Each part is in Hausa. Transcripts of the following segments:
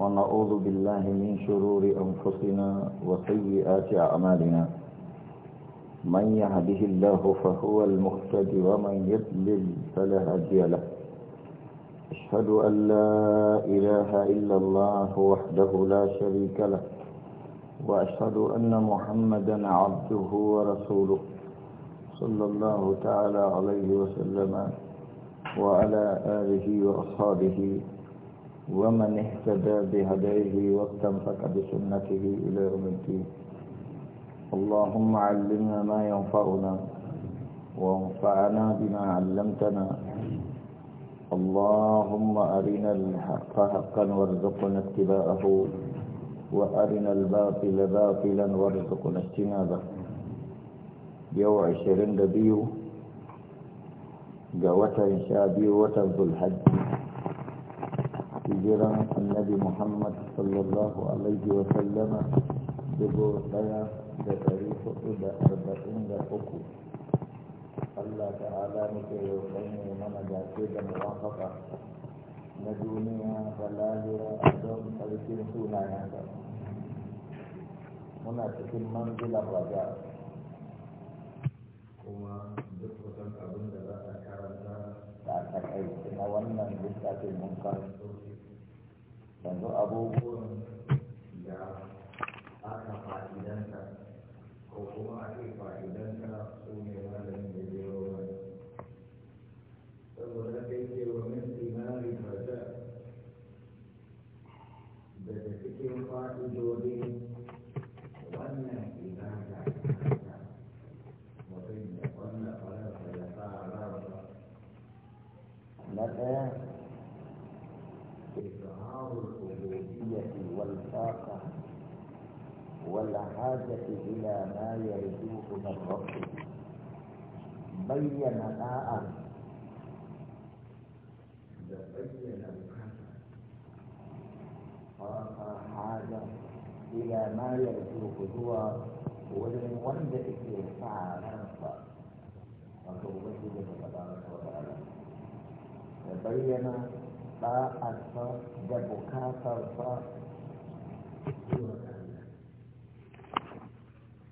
ونعوذ بالله من شرور أنفسنا وسيئات أعمالنا من يهده الله فهو المهتد ومن يضلل فلا هادي له أشهد أن لا إله إلا الله وحده لا شريك له وأشهد أن محمدا عبده ورسوله صلى الله تعالى عليه وسلم وعلى آله وأصحابه ومن اهتدى بهديه واستمسك بسنته إلى يوم الدين اللهم علمنا ما ينفعنا وانفعنا بما علمتنا اللهم أرنا الحق حقا وارزقنا اتباعه وأرنا الباطل باطلا وارزقنا اجتنابه يو عشرين دبيو جوة شابي وتنزل الحج hijira annabi muhammad sallallahu alaihi wa sallama dubu daya da dari hudu da arba'in da uku Allah ta'ala muke roƙon ne mana gace da muwafaka na duniya da lahira don ƙarfin sunayensa muna cikin manzilar raja kuma duk kusan abin da za a karanta da kai na wannan littafin mun yanzu abubuwan da aka fa'idanta ko kuma ake fa'idanta su ne malamin الحاجة إلى ما يرجوه من ربه بين داء بين حاجة إلى ما يرجوه هو ولن وند إكتفاع نفسه وتوبته تبارك وتعالى بين داء الصدق بكاثر الصدق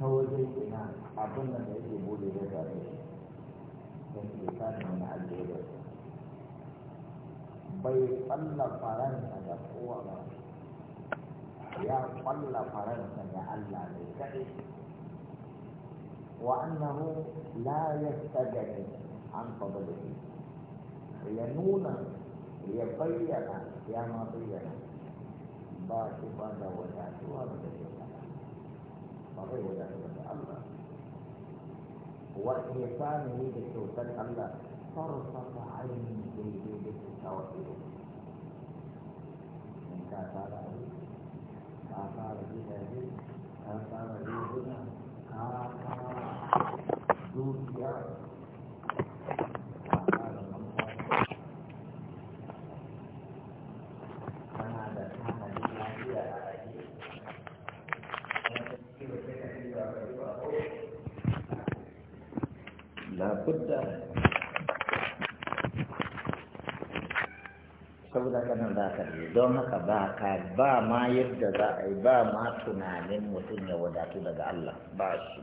ta waje ina abin da da yake bude da gare shi don ke sani wani alheri bai tsalla faransa da kowa ba ya tsalla faransa da Allah ne kaɗai wa annahu la yastagani an fadlihi ya nuna ya bayyana ya ma bayyana ba shi ba da wadatuwa da ba zai wadata da Allah wa ni da kyautar Allah farfata ainihi daidai da kyautar ido in ka fara abu ka fara gidaje ka fara riguna ka fara dukiya don haka ba ka ba ma yadda za a yi ba ma tunanin mutum ya wadatu daga Allah ba shi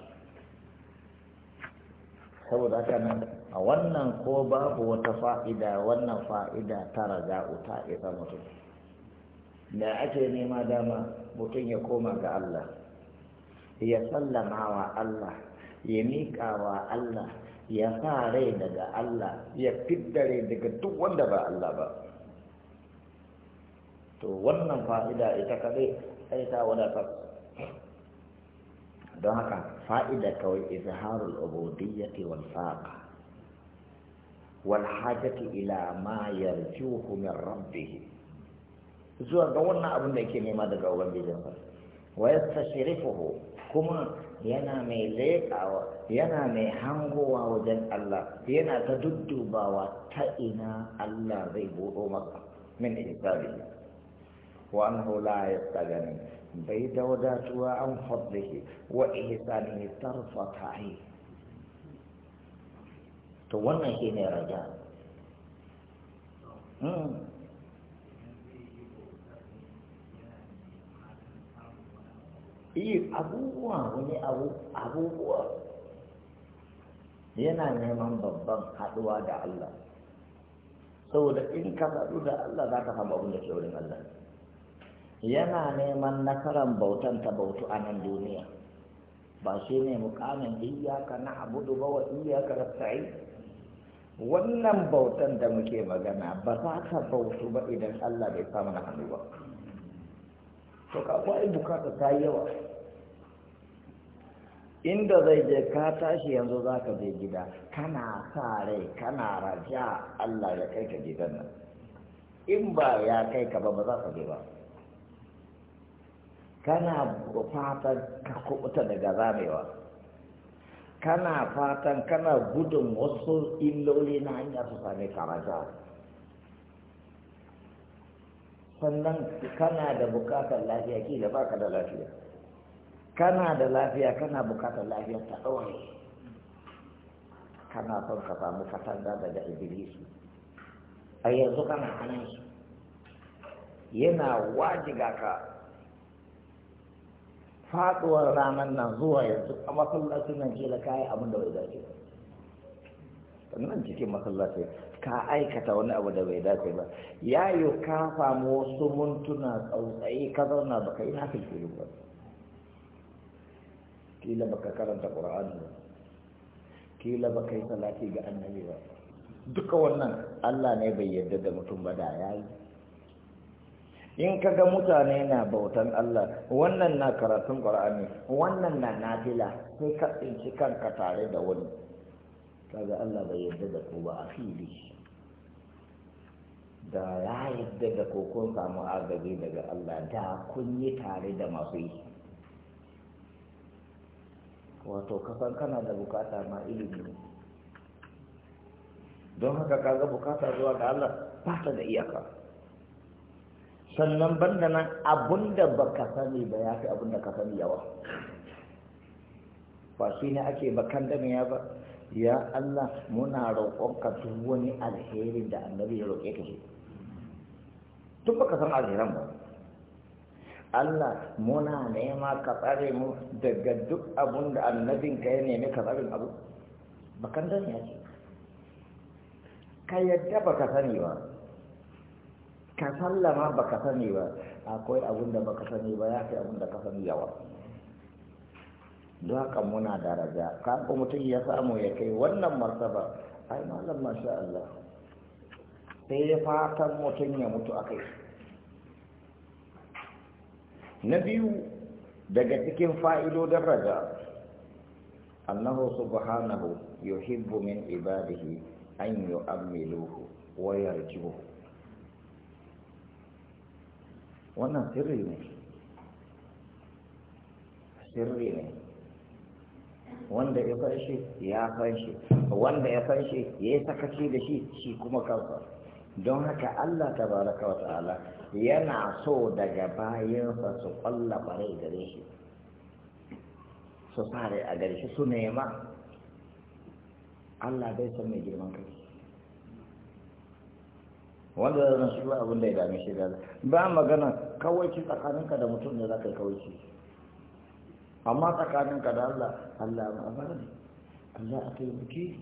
saboda haka nan a wannan ko babu wata fa'ida wannan fa'ida ta raga ta isa mutum da ake nema dama mutum ya koma ga Allah ya sallama wa Allah ya miƙa wa Allah ya sa rai daga Allah ya fiddare daga duk wanda ba Allah ba to wannan fa'ida ita kaɗai sai ta wadatar don haka fa'ida kawai izharul ubudiyyati wal saƙa. wal hajati ila ma yarjuhu min rabbih zuwa ga wannan abin da yake nema daga ubangijin sa wa yastashrifuhu kuma yana mai leƙawa yana mai hangowa wajen Allah yana ta duddubawa ta ina Allah zai buɗo maka min hisabihi وأنه لا يستغني بيد وداتها عن فضله وإحسانه طرفة عين to wannan shi ne raja iya abubuwa wani abubuwa yana neman babban haɗuwa da Allah saboda in ka faɗu da Allah za ka samu abin da ke wurin Allah yana neman nasarar bautan ta bautu a nan duniya ba shi ne mukamin iyaka na abu ba wa iyaka rasta'i wannan bautan da muke magana ba za ka bautu ba idan Allah bai samu na hannu ba to ka kwai bukata ta yi yawa inda zai je ka tashi yanzu za ka je gida kana sa rai kana raja Allah ya kai ka gidan nan in ba ya kai ka ba ba za ka je ba kana fatan ka kubuta daga zamewa kana fatan kana gudun wasu illoli na hanyar su sami karaja sannan kana da bukatar lafiya kila baka da lafiya kana da lafiya kana bukatar lafiya ta ɗaure kana son ka samu katanga daga ibilisu a yanzu kana hannun yana wajiga ka faduwar ranar nan zuwa yanzu a masallacin nan da kayi abin da bai dace ba sannan cikin masallaci ka aikata wani abu da bai dace ba ya yi ka samu wasu mintuna tsautsayi ka zauna ba ka yi na filfilin ba kila ba ka karanta ƙura'an ba kila ba ka yi salati ga annabi ba duka wannan allah ne bai yarda da mutum ba da ya yi in ka ga mutane na bautan Allah wannan na karatun Qur'ani wannan na nafila sai ka tsinci kanka tare da wani kaga Allah bai yarda da ku ba a fili da ya yarda da ku kun samu agaji daga Allah da kun yi tare da masu yi wato kasan kana da bukata ma ilimi don haka kaga bukata zuwa ga Allah ba ta da iyaka sannan banda nan abinda ba ka sani ba ya fi abinda ka sani yawa ba shi ne ake bakan da ya ba ya Allah muna ka duk wani alherin da annabi ya roƙe ka shi duk baka san alheran ba Allah muna nema ka tsare mu daga duk abun da annabin ka ya nemi ka tsarin abu bakan da ya ce ka yadda baka sani ba ka sallama ba ka sani ba akwai abin da ba ka sani ba ya fi abin da ka sani yawa don haka muna daraja ka mutum ya samu ya kai wannan martaba ai malam masha Allah sai fatan mutum ya mutu a kai na biyu daga cikin fa'idodin raja annahu subhanahu yuhibbu min ibadihi an yu'ammiluhu wa yarjibuhu wannan sirri ne sirri ne wanda ya san shi ya san shi wanda ya san shi ya yi sakaci da shi shi kuma kansa don haka Allah ta baraka wa ta'ala yana so daga bayansa su kwalla bare gare shi su fare a gare shi su nema Allah bai san mai girman kai wanda zama shi abin da ya dame shi da ba magana kawaici tsakaninka da mutum ne za ka yi kawaici amma tsakaninka da Allah Allah ma ba ne Allah a buki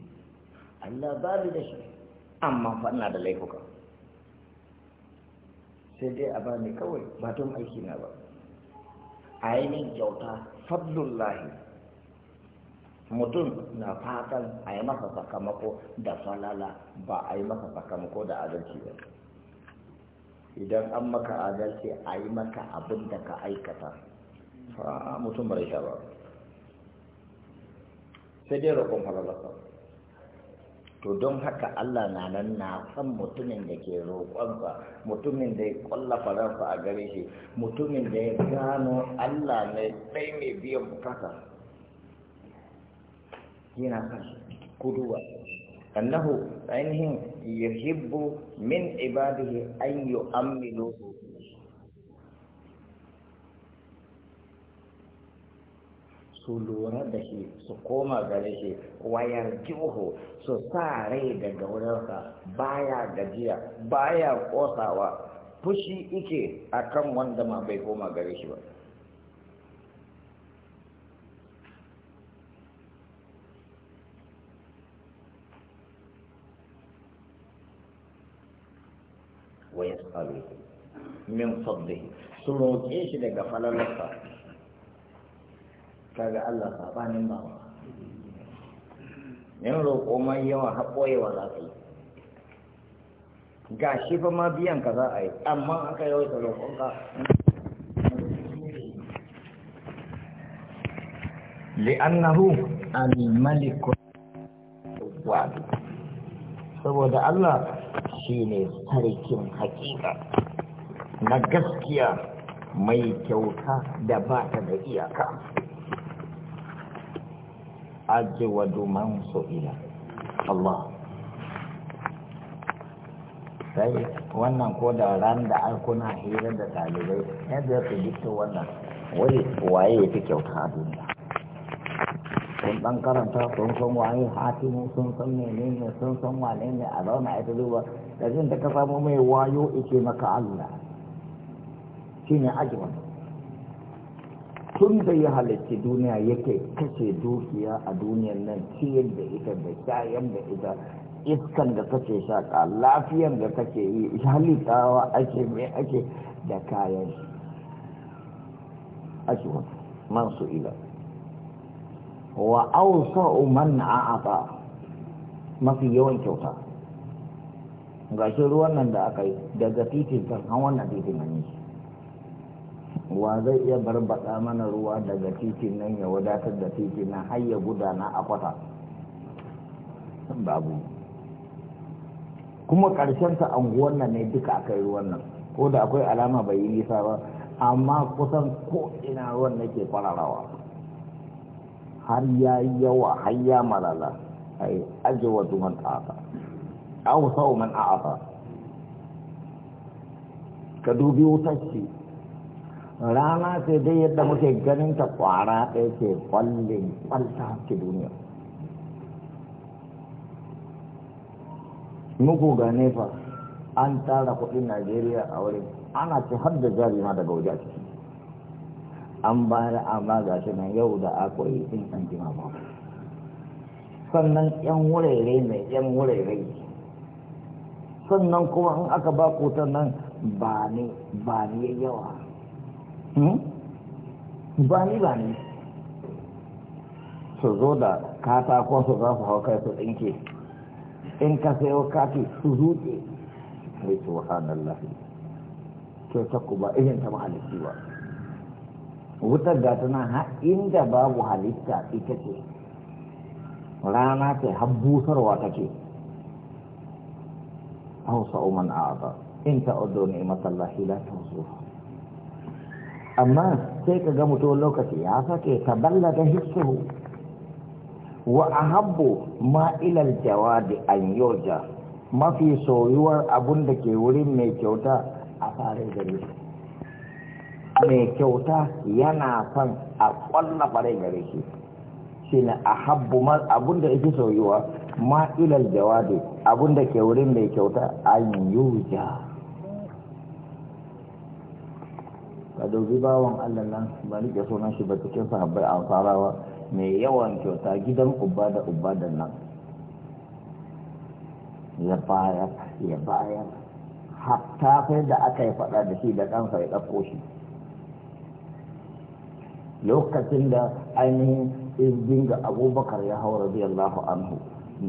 Allah ba ni da shi amma fa ina da laifuka sai dai a bani kawai ba tun aiki na ba min kyauta fadlullahi mutum na fatan a yi masa sakamako da falala ba a yi masa sakamako da adalci ba idan an maka adalci a yi maka abin da ka aikata a mutum bai sha ba sai dai roƙon halalasa to don haka Allah na nan na san mutumin da ke roƙonsa mutumin da ya ƙwalla faransa a gare shi mutumin da ya gano Allah na ɗai mai biyan bukata yana kan kuduwa annahu ainihin yuhibbu min ibadihi an yu'ammiluhu su lura da shi su koma gare shi wayar jihu su sa rai daga wurinsa baya gajiya baya kosawa fushi ike akan wanda ma bai koma gare shi ba wa yas'aluhu min fadli su roƙe shi daga falalarsa kaga Allah sabanin ba in roƙo mai yawa haƙoyewa koyi wa yi ga shi fa ma biyan ka za a yi amma aka yawaita roƙonka li'annahu al-malik wa saboda Allah Shi ne tarikin hakika na gaskiya mai kyauta da ba ta da iyaka ajwadu man su'ila Allah sai wannan ko da ran da kuna hira da ɗalibai yadda ya fi wannan wai waye ya fi kyauta a duniya sun ɗan karanta sun san waye hatimu sun san ne? sun san wane ne a zauna a duba da jin da ka samu mai wayo ike maka Allah shi ne ajiyar tun da ya halarci duniya yake kashe dukiya a duniyar nan ciyar da ita da kayan da ita iskan da kake shaka lafiyar da kake yi halittawa ake mai ake da kayan shi ajiyar man su ila wa ausa man a'ata mafi yawan kyauta gashi ruwan nan da aka yi daga titin kan an wannan titin nan wa zai iya barbaɗa mana ruwa daga titin nan ya wadatar da titin nan har ya gudana a kwata babu kuma ƙarshen ta anguwan nan ne duka aka yi ruwan nan ko da akwai alama bai yi nisa ba amma kusan ko ina ruwan nake kwararawa har ya yi yawa har ya malala a yi ajewa duman ta'ata au sau man a'ata ka dubi wutar ce rana sai dai yadda muke ganin ta kwara ɗaya ke kwallin kwalta ke duniya muku ga nefa an tara kuɗin najeriya a wurin ana ci har da jari ma daga waje a ciki an bayar amma ga shi nan yau da akwai in an jima ba sannan yan wurare mai yan wurare sannan kuma in aka ba kotar nan ba ne ba ne yawa hmm? ba ne ba ne su zo da katakon su za su hau kai su tsinke in ka sayo kati su zuke mai lafi ke ta kuma irin ta mahalicci ba wutar da tana ha inda babu halitta ita ce rana ce har busarwa take hausa umar a'aba in ta'udu ni'matallahi la tuhsuha amma sai ka ga mutum lokaci ya sake ta ballaga hissuhu wa a habbo ma ilal jawadi an yorja mafi soyuwar abun da ke wurin mai kyauta a tsarin gare mai kyauta yana son a ƙwalla farai gare shi shi ne a habbu abun da yake soyuwa ma ilal jawabi abun da ke wurin mai kyauta an yuja ka dauki bawan allah nan ba nike sunan shi ba cikin sahabbai an farawa mai yawan kyauta gidan uba da uba da nan ya bayar ya bayar hatta sai da aka yi faɗa da shi da kansa ya ɗauko shi lokacin da ainihin izgin ga abubakar ya hau radiyallahu anhu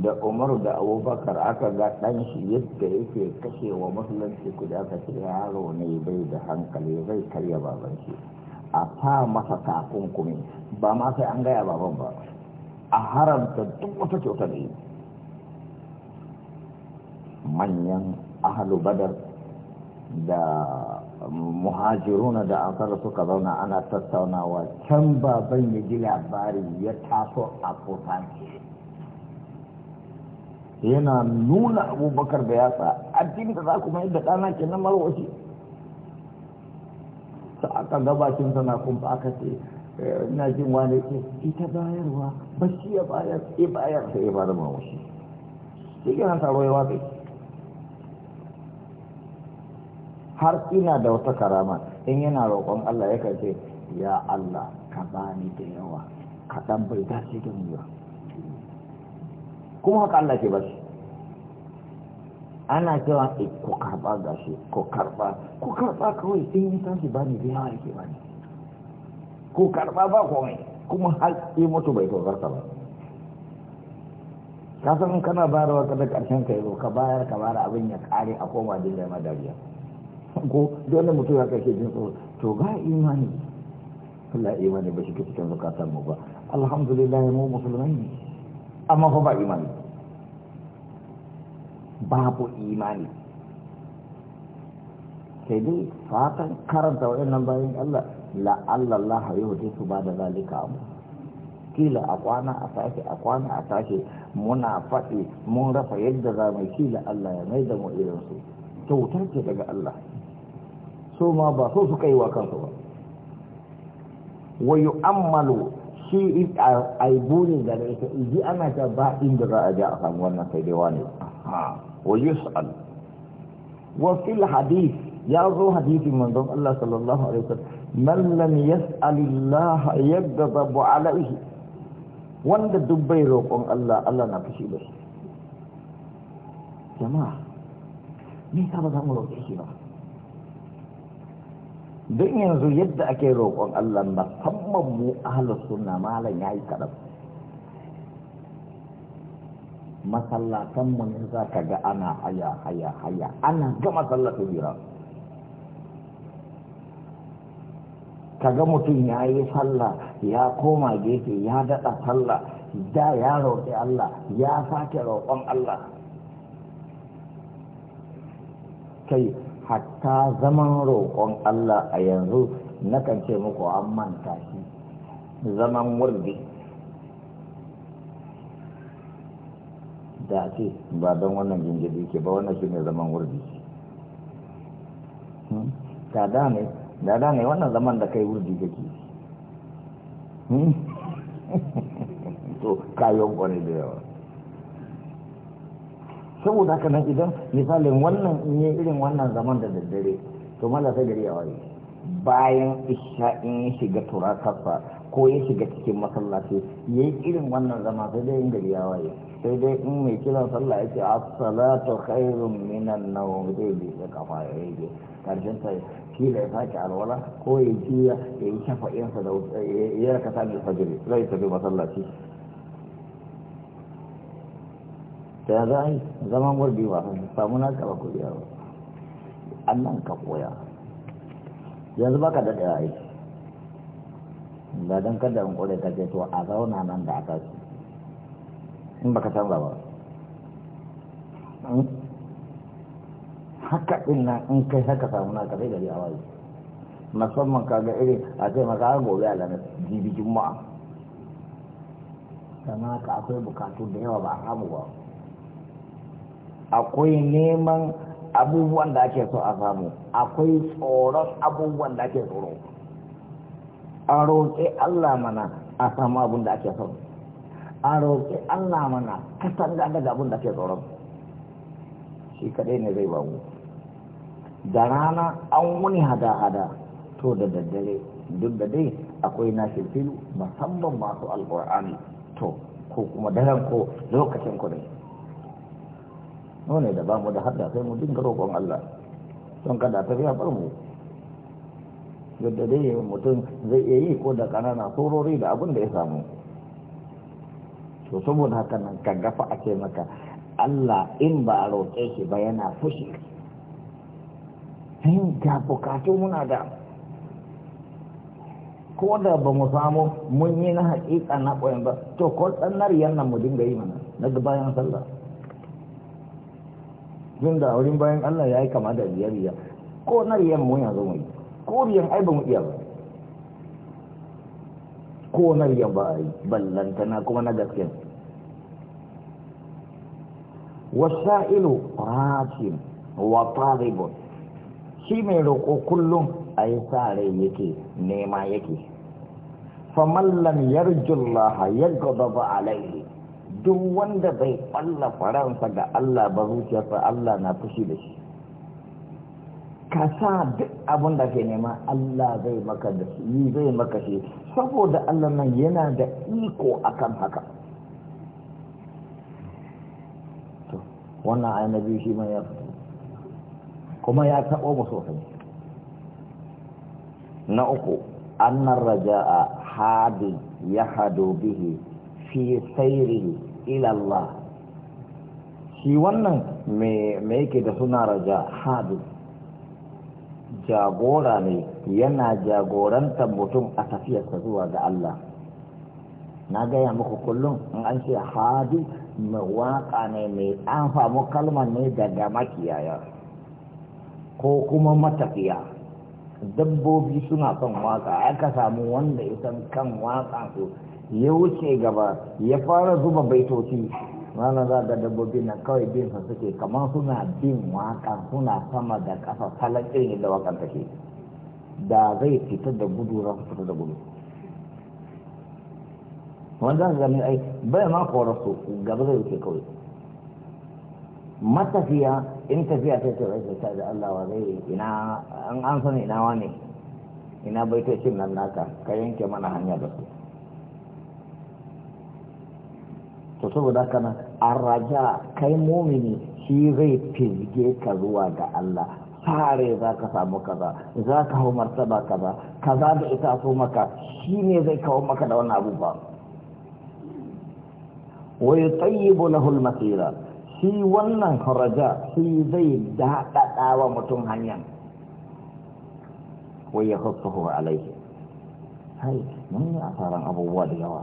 da umar da abubakar aka ga ɗan shi yadda yake kashe wa musulunci kudi aka ce yaro ne bai da hankali zai karya baban shi a fa masa takunkumi ba ma sai an gaya baban ba a haramta duk wata kyauta da yi manyan ahalu badar da muhajiruna da ansar suka zauna ana tattaunawa can baban ya ji labari ya taso a kusan yana nuna abubakar da ya sa addini da za ku mai da ɗana ke na marwashi ta aka gabacin sana kuma aka ce eh, ina jin wani ke ita bayarwa ba shi ya bayar ya bayar sai ya da marwashi shi gina nan taro ya har ina da wata karama in yana roƙon Allah ya ce ya Allah ka bani da yawa kaɗan bai dace da ba kuma haka Allah ke bashi ana cewa eh, ko karɓa gashi ko karɓa ko karɓa kawai in yi tashi bani da yawa yake bani ko karɓa ba komai kuma har yi mutu bai tozarta ba ka san kana bayarwa da karshen ka yi ka bayar ka bayar abin ya kare a koma dinga madariya ko dole mutum ya kake jin tsoro to ga imani Allah imani ba shi ke cikin zakatar mu ba alhamdulillah mu musulmai ne amma fa ba imani babu imani sai dai fatan karanta wa'annan bayan Allah la Allah ya da su ba da zalika mu kila a kwana a tashi a kwana a tashi muna faɗi mun rafa yadda za mu kila Allah ya mai da mu irin su kyautar ce daga Allah su ma ba so su kai wa kansu ba wa yu'ammalu shi aibu ne da ita iji ana ta ba inda za a ja a samu wannan sai dai wani wa yus'al wa fil hadith ya zo hadithin manzon Allah sallallahu alaihi wasallam man lam yas'al Allah yaghdab alaihi wanda duk bai roƙon Allah Allah na fushi da shi jama'a me ka ba za mu roƙe shi ba don yanzu yadda ake roƙon Allah musamman mu ahlus suna malam yi kaɗan masallatan mu ne za ka ga ana haya haya haya ana ga masallata jira ka ga mutum ya yi sallah ya koma gefe ya daɗa sallah da ya roƙi Allah ya sake roƙon Allah kai hatta zaman roƙon Allah a yanzu nakan ce muku an manta shi zaman wurdi da ce ba don wannan jinjiri ke ba wannan shi ne zaman wurdi hmm? da da ne da ne wannan zaman da kai wurdi kake hmm? to kayon kwane da yawa saboda haka nan idan misalin wannan in yi irin wannan zaman da daddare to mala sai gari ya waye bayan isha in ya shiga turakarsa ko ya shiga cikin masallaci ya yi irin wannan zama sai dai in gari ya waye sai dai in mai kiran sallah ya ce assalatu khairun minan nawm zai bi da kafa ya rage karshen ta kila ya sake alwala ko ya juya ya yi shafa'insa da ya raka sami fajiri zai tafi masallaci ta za a yi zaman gurbi ba samu na kaba ku biya ba annan ka koya yanzu baka da da aiki da don kada in kore ka to a zauna nan da aka su in baka canza ba hmm? haka din in kai haka samu na ka gari a waje musamman ga iri a ce maka an gobe a lanar jibi juma'a sannan ka akwai bukatu da yawa ba a samu ba akwai neman abubuwan da ake so a samu akwai tsoron abubuwan da ake tsoro a roƙe Allah mana a samu abin da ake so a roƙe Allah mana kasan da daga abin da ake tsoron shi kaɗai ne zai bamu da rana an wuni hada-hada to da daddare duk da dai akwai na filu musamman masu alƙur'ani to ko kuma daren ko lokacin ku ne nune da ba mu da hada sai mu dinga roƙon Allah don kada ta biya bar mu yadda dai mutum zai iya yi ko da ƙanana sorori da abin da ya samu to saboda haka nan ka gafa a ce maka Allah in ba a roƙe shi ba yana fushi hin ga bukatu muna da ko da ba mu samu mun yi na haƙiƙa na ƙoyon ba to ko tsannar yannan mu dinga yi mana na bayan sallah yin da wurin bayan Allah ya yi kama da riya riya ko na riyan mu yanzu mai yi ko riyan ai ba mu iya ba ko na riyan ba a yi ballantana kuma na Wasu wasa'ilu ratin wa talibun shi mai roƙo kullum a yi sa rai yake nema yake famallan yarjullaha ya gaba ba alaihi duk wanda bai ɓalla faransa ga Allah ba zuciyarsa Allah na fushi da shi ka sa duk abin da ke nema Allah zai maka da shi zai maka shi saboda Allah nan yana da iko akan haka to wannan ayi shi ma ya fito kuma ya taɓo mu sosai na uku annar raja'a hadi ya hado bihi fi sairi ilallah shi wannan me yake da suna raja hadu jagora ne yana jagorantar mutum a tafiyarsa zuwa ga Allah na gaya muku kullum in an ce hadu waka ne mai an famu kalmar ne daga makiyaya ko kuma matafiya dabbobi suna son waka aka samu wanda ya kan waka su ya wuce gaba ya fara zuba baitoci rana za ga dabbobi na kawai bin sa suke kamar suna bin waka suna sama da ƙasa salon irin yadda wakan take da zai fita da gudu za su fita da gudu wanda za gani ai bai ma korasu gaba zai wuce kawai matafiya in tafiya ta ce rai ta da Allah wa zai ina an san ina wane ina baitocin nan naka ka yanke mana hanya da su to saboda haka nan Raja, kai mumini shi zai fizge ka zuwa ga Allah fare za ka samu kaza za ka hau martaba kaza kaza da ita so maka shi ne zai kawo maka da wannan abubuwa wa yutayyibu lahu al-masira shi wannan Raja shi zai daɗaɗa wa mutum hanyar wai ya hukuhu alaihi hai mun yi asaran abubuwa da yawa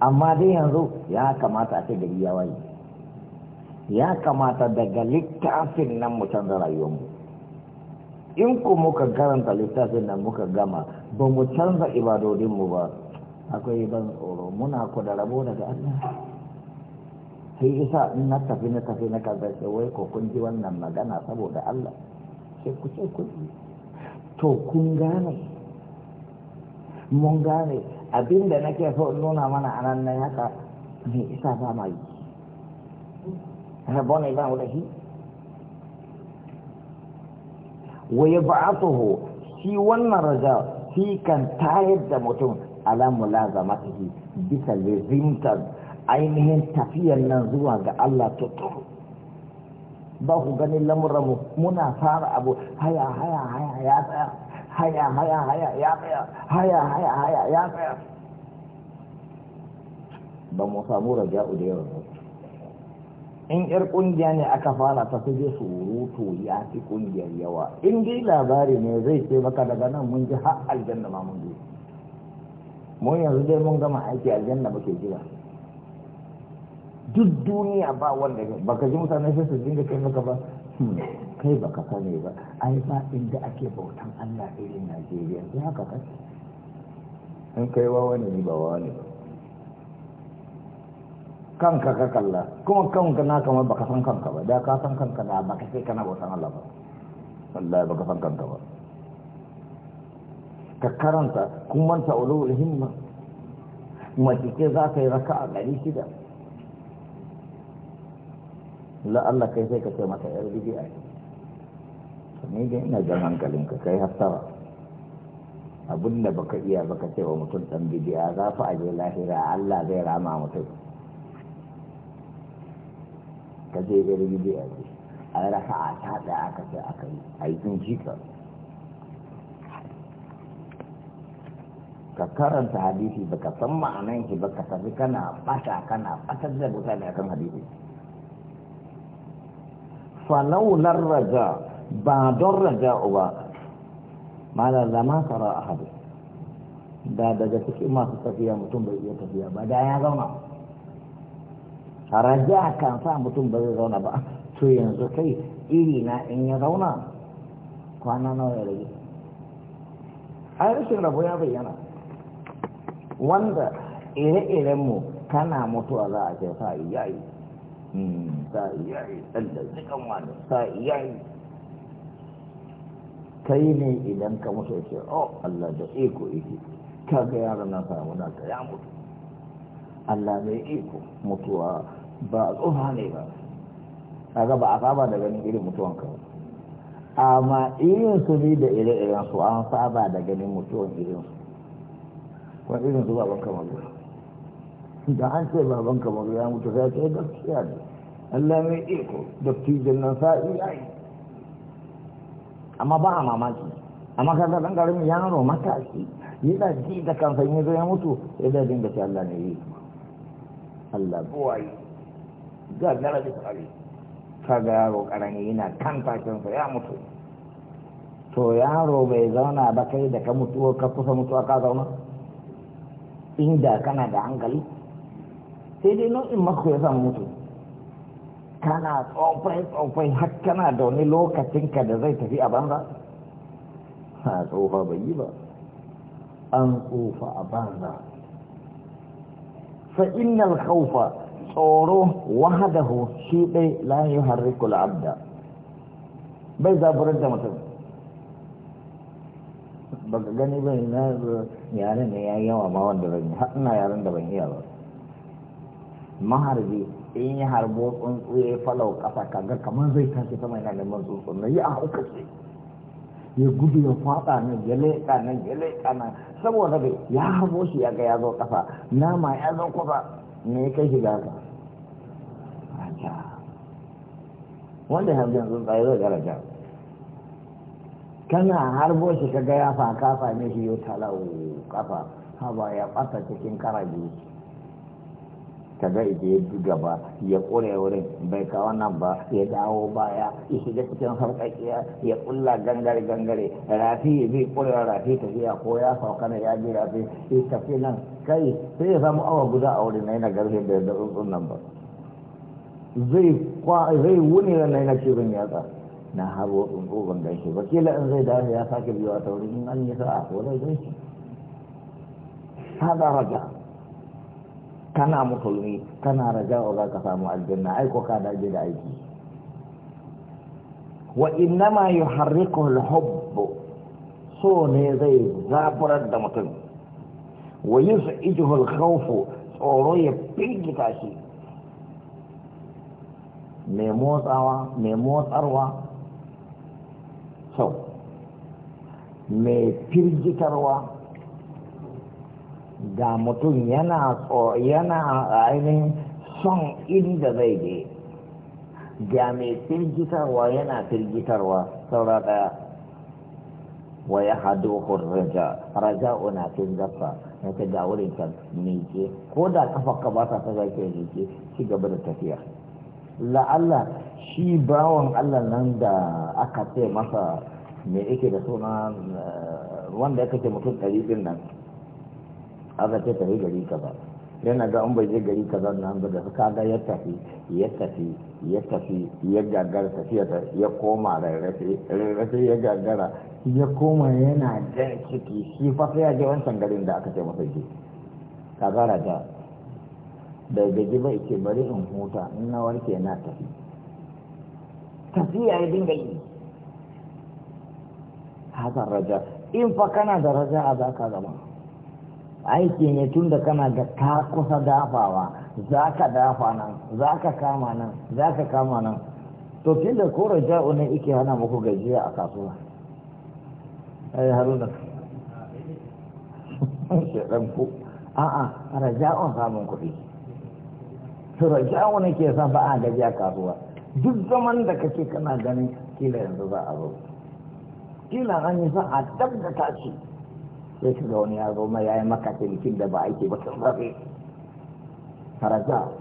amma dai yanzu ya kamata a ce gari ya waye ya kamata daga littafin nan mu canza mu, in ku muka karanta littafin nan muka gama ba mu canza ibadodinmu ba akwai ban tsoro muna ku da rabo daga Allah sai isa in na tafi na tafi na kaza ce wai ko kun ji wannan magana saboda Allah sai ku ce ku to kun gane mun gane abin da nake so nuna mana a nan nan haka me isa ba ma yi rabo ne ba da shi wa ya ba'atuhu shi wannan raja shi kan tayar da mutum ala mulazamatihi bisa lezimta ainihin tafiyar nan zuwa ga Allah tutur ba ku ganin lamuranmu muna fara abu haya haya haya ya tsaya haya haya haya ya tsaya haya haya haya ya tsaya ba mu samu raja'u da yawa in yar kungiya ne aka fara ta su je surutu ya fi kungiyar yawa in dai labari ne zai ce maka daga nan mun ji har aljanna ma mun je mu yanzu dai mun gama aiki aljanna muke jira duk duniya ba wanda baka ji mutane sai su dinga kai maka ba kai ba ka sani ba ai ba inda ake bautan Allah irin Najeriya sai haka kai in kai wawa ne ni ba wawa ne ba kanka ka kalla kuma kanka na kamar baka san kanka ba da ka san kanka da baka sai kana bautan Allah ba wallahi baka san kanka ba ka karanta kun manta ulul himma mace ke za ka yi raka'a 600 la Allah kai sai ka ce mata yar bid'a ne dai ina jan hankalin ka kai hassara abin da baka iya baka ce wa mutum dan bid'a za fa aje lahira Allah zai rama mutum ka je yar bid'a ce a rafa'a ta da aka ce aka yi a yi jika ka karanta hadisi baka san ma'anan shi baka tafi kana bata kana fatar da mutane akan hadisi falaular raja ba don raja uba. malar zama kara a hadu da daga cikin masu tafiya mutum bai iya tafiya ba da ya zauna raja kan sa mutum bai zauna ba to yanzu kai iri na in ya zauna kwana nawa ya rage ai rashin rabu ya bayyana wanda ire-irenmu kana mutuwa za a ce sa yi sa iyayi ɗanda cikin wani sa iyayi kai ne idan ka mutu ce oh Allah da iko ka ga yaran na samu na ta ya mutu Allah mai iko mutuwa ba tsoha ne ba A gaba a saba da ganin irin mutuwan ka amma irin su ne da ire-iren su an saba da ganin mutuwan irin su kuma irin su ba ban kamar da an ce baban kamar ya mutu sai ce gaskiya ne Allah mai iko tijin nan sa'i yayi amma ba a mamaki amma kaga dan garin yaro matashi da ji da kansa in zo ya mutu sai da dinga ce Allah ne yi Allah buwai ga gara da tsari kaga yaro karani yana kan tashin sa ya mutu to yaro bai zauna ba kai da ka mutuwa ka kusa mutuwa ka zauna inda kana da hankali sai nan in maku ya zama mutu kana tsofai tsofai har kana da wani lokacinka da zai tafi a banza ha tsofa bai yi ba an tsofa a banza fa innal khawfa tsoro wahadahu shi dai la yuharriku al-abda bai zaburar da mutum baka gani bai na yaran ne ya yawa ma wanda ban yi ina yaran da ban iya ba maharbi in yi harbo tsuntsu ya falau kasa kaga kamar zai tashi sama yana neman tsuntsu na yi a hukace ya gudu ya fada nan ya leƙa nan ya leƙa nan saboda bai ya harbo shi ya ga ya zo kasa nama ya zo kusa me ya kai shi ga ka wanda ya harbin tsuntsaye zai daraja kana harbo shi kaga ya fa kafa ne shi yau talau kafa oh, haba ya ɓata cikin karabi Ka ije ya ji gaba ya kore wurin bai kawo nan ba ya dawo baya ya shiga cikin harkakiya ya ƙulla gangare gangare rafi zai kore rafi tafiya ko ya sauka na ya ji rafi ya tafi nan kai sai ya samu awa guda a wurin na yana garfe da da tsuntsun nan ba zai wuni na yana yatsa na haro tsuntsu gaishe ba kila in zai dawo ya sake biyo a taurin in an yi sa'a ko zai gaishe hada raja kana mutulmi kana raja za ka samu aljanna ai ko ka dage da aiki wa innama yuharriku alhubb so ne zai zaburar da mutum wa yus'ijuhu alkhawf khawf tsoro ya firgita shi me motsawa me motsarwa sau mai firgitarwa da mutum yana yana ainihin son inda zai je da mai firgitarwa yana firgitarwa saura daya wa ya hado raja raja na tun zafa na ta ga wurin ta neke ko da kafa ka ba ta ta zaki neke ci gaba da tafiya la'alla shi bawon allah nan da aka ce masa me yake da suna eh, wanda ya kace mutum ɗari nan aka ce ta yi gari kaza yana ga an bai je gari kaza nan ba da suka ga ya tafi ya tafi ya tafi ya gagara tafiya ya koma rarrafe ya gagara ya koma yana jan ciki shi fa sai ya je wancan garin da aka ce masa ji gara da da gaji ba ce bari in huta in na warke na tafi tafiya ya dinga yi hakan raja in fa kana da raja a za ka zama aiki ne tun da kana ga ta kusa dafawa za ka dafa nan za ka kama nan za ka kama nan to tun da kora ja'o ne ike hana muku gajiya a kasuwa ai haruna shaɗan ku a'a raja'un samun kuɗi to raja'u ne ke san ba a gajiya kasuwa duk zaman da kake kana ganin kila yanzu za a zo kila an yi sa a dab da tashi sai shiga wani ya zo mai yayin maka cinikin da ba aiki ba tun zafi faraza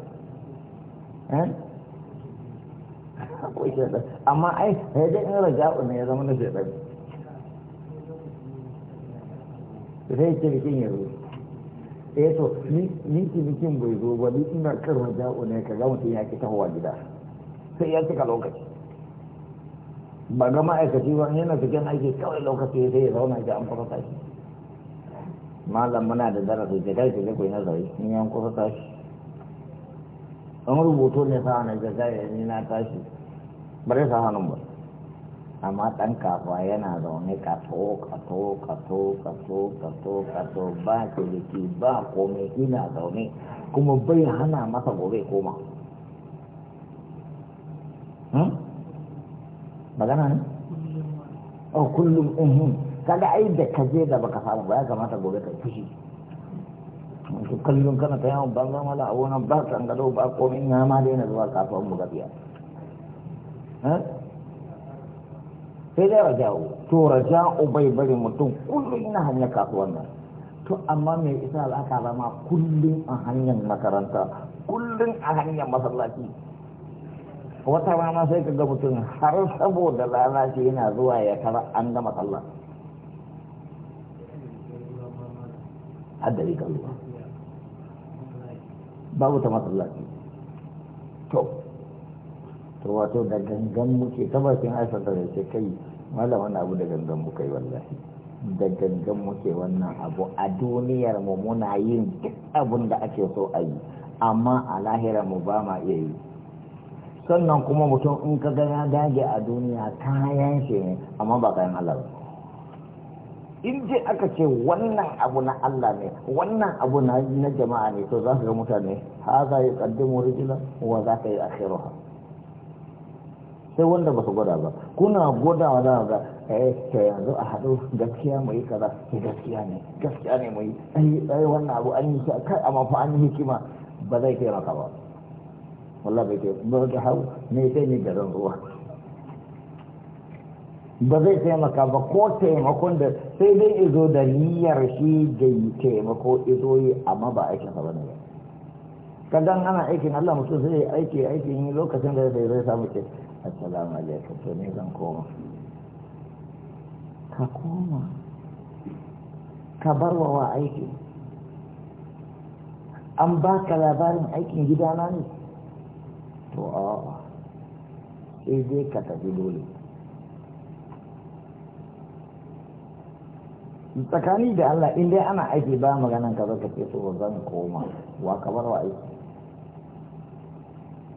amma ai ya dai in raja ne ya zama na shaidan sai cinikin ya zo eh to ni cinikin bai zo ba ni ina kan raja'u ne ka ga mutum ya ki tahowa gida sai ya cika lokaci ba ga ma'aikaci ba yana cikin aiki kawai lokaci sai ya zauna ga an fara tashi malam muna da zarafi da kai da kai nazari in yan kusa tashi an rubuto ne sa na jaga ni na tashi bare sa hannun ba amma ɗan kafa yana zaune kato kato kato kato kato kato ba ciniki ba komai ina zaune kuma bai hana masa gobe koma hmm? magana ne? oh kullum uhun mhm. kaga ai da ka je da baka samu ba ya kamata gobe ka fushi kallon kana ta yawon banza mala a wannan ba san gado ba komai na ma daina zuwa kafin mu gabiya eh? sai dai u to u bai bari mutum kullum ina hanyar kasuwan to amma mai isa al'aka zama kullum a hanyar makaranta kullum a hanyar masallaci wata rana sai ka ga mutum har saboda lalace yana zuwa ya tara an gama sallah haddari kan ruwa babu ta masallaci to to wato da gangan muke ta bakin aisar da ce kai malam wani abu da gangan muka yi wallahi da gangan muke wannan abu a duniyar mu muna yin duk abin da ake so a yi amma a lahirar mu ba ma iya yi sannan kuma mutum in ka ga ya dage a duniya kayan shi ne amma ba kayan Allah in je aka ce wannan abu na Allah ne wannan abu na jama'a ne to za ka ga mutane ha za yi kaddimu rijila wa za ka yi akhiruha sai wanda ba su gwada ba kuna gwadawa za ga eh to yanzu a haɗu gaskiya mu yi kaza eh, gaskiya ne gaskiya ne mu yi ai wannan abu an yi kai amma fa an yi hikima ba zai kai maka ba wallahi bai kai ba hau ne sai ni ga ruwa ba zai taimaka ba ko taimakon da sai dai izo da niyyar shi da yi taimako izo yi amma ba aikin sa bane kadan ana aikin Allah mutum sai aiki aiki yin lokacin da zai zai samu ce assalamu alaikum to ne zan koma ka koma ka bar wa aiki an baka labarin aikin gidana ne to a sai dai ka tafi dole tsakani da Allah in dai ana aiki ba maganan ka zaka ce so zan koma wa ka bar wa aiki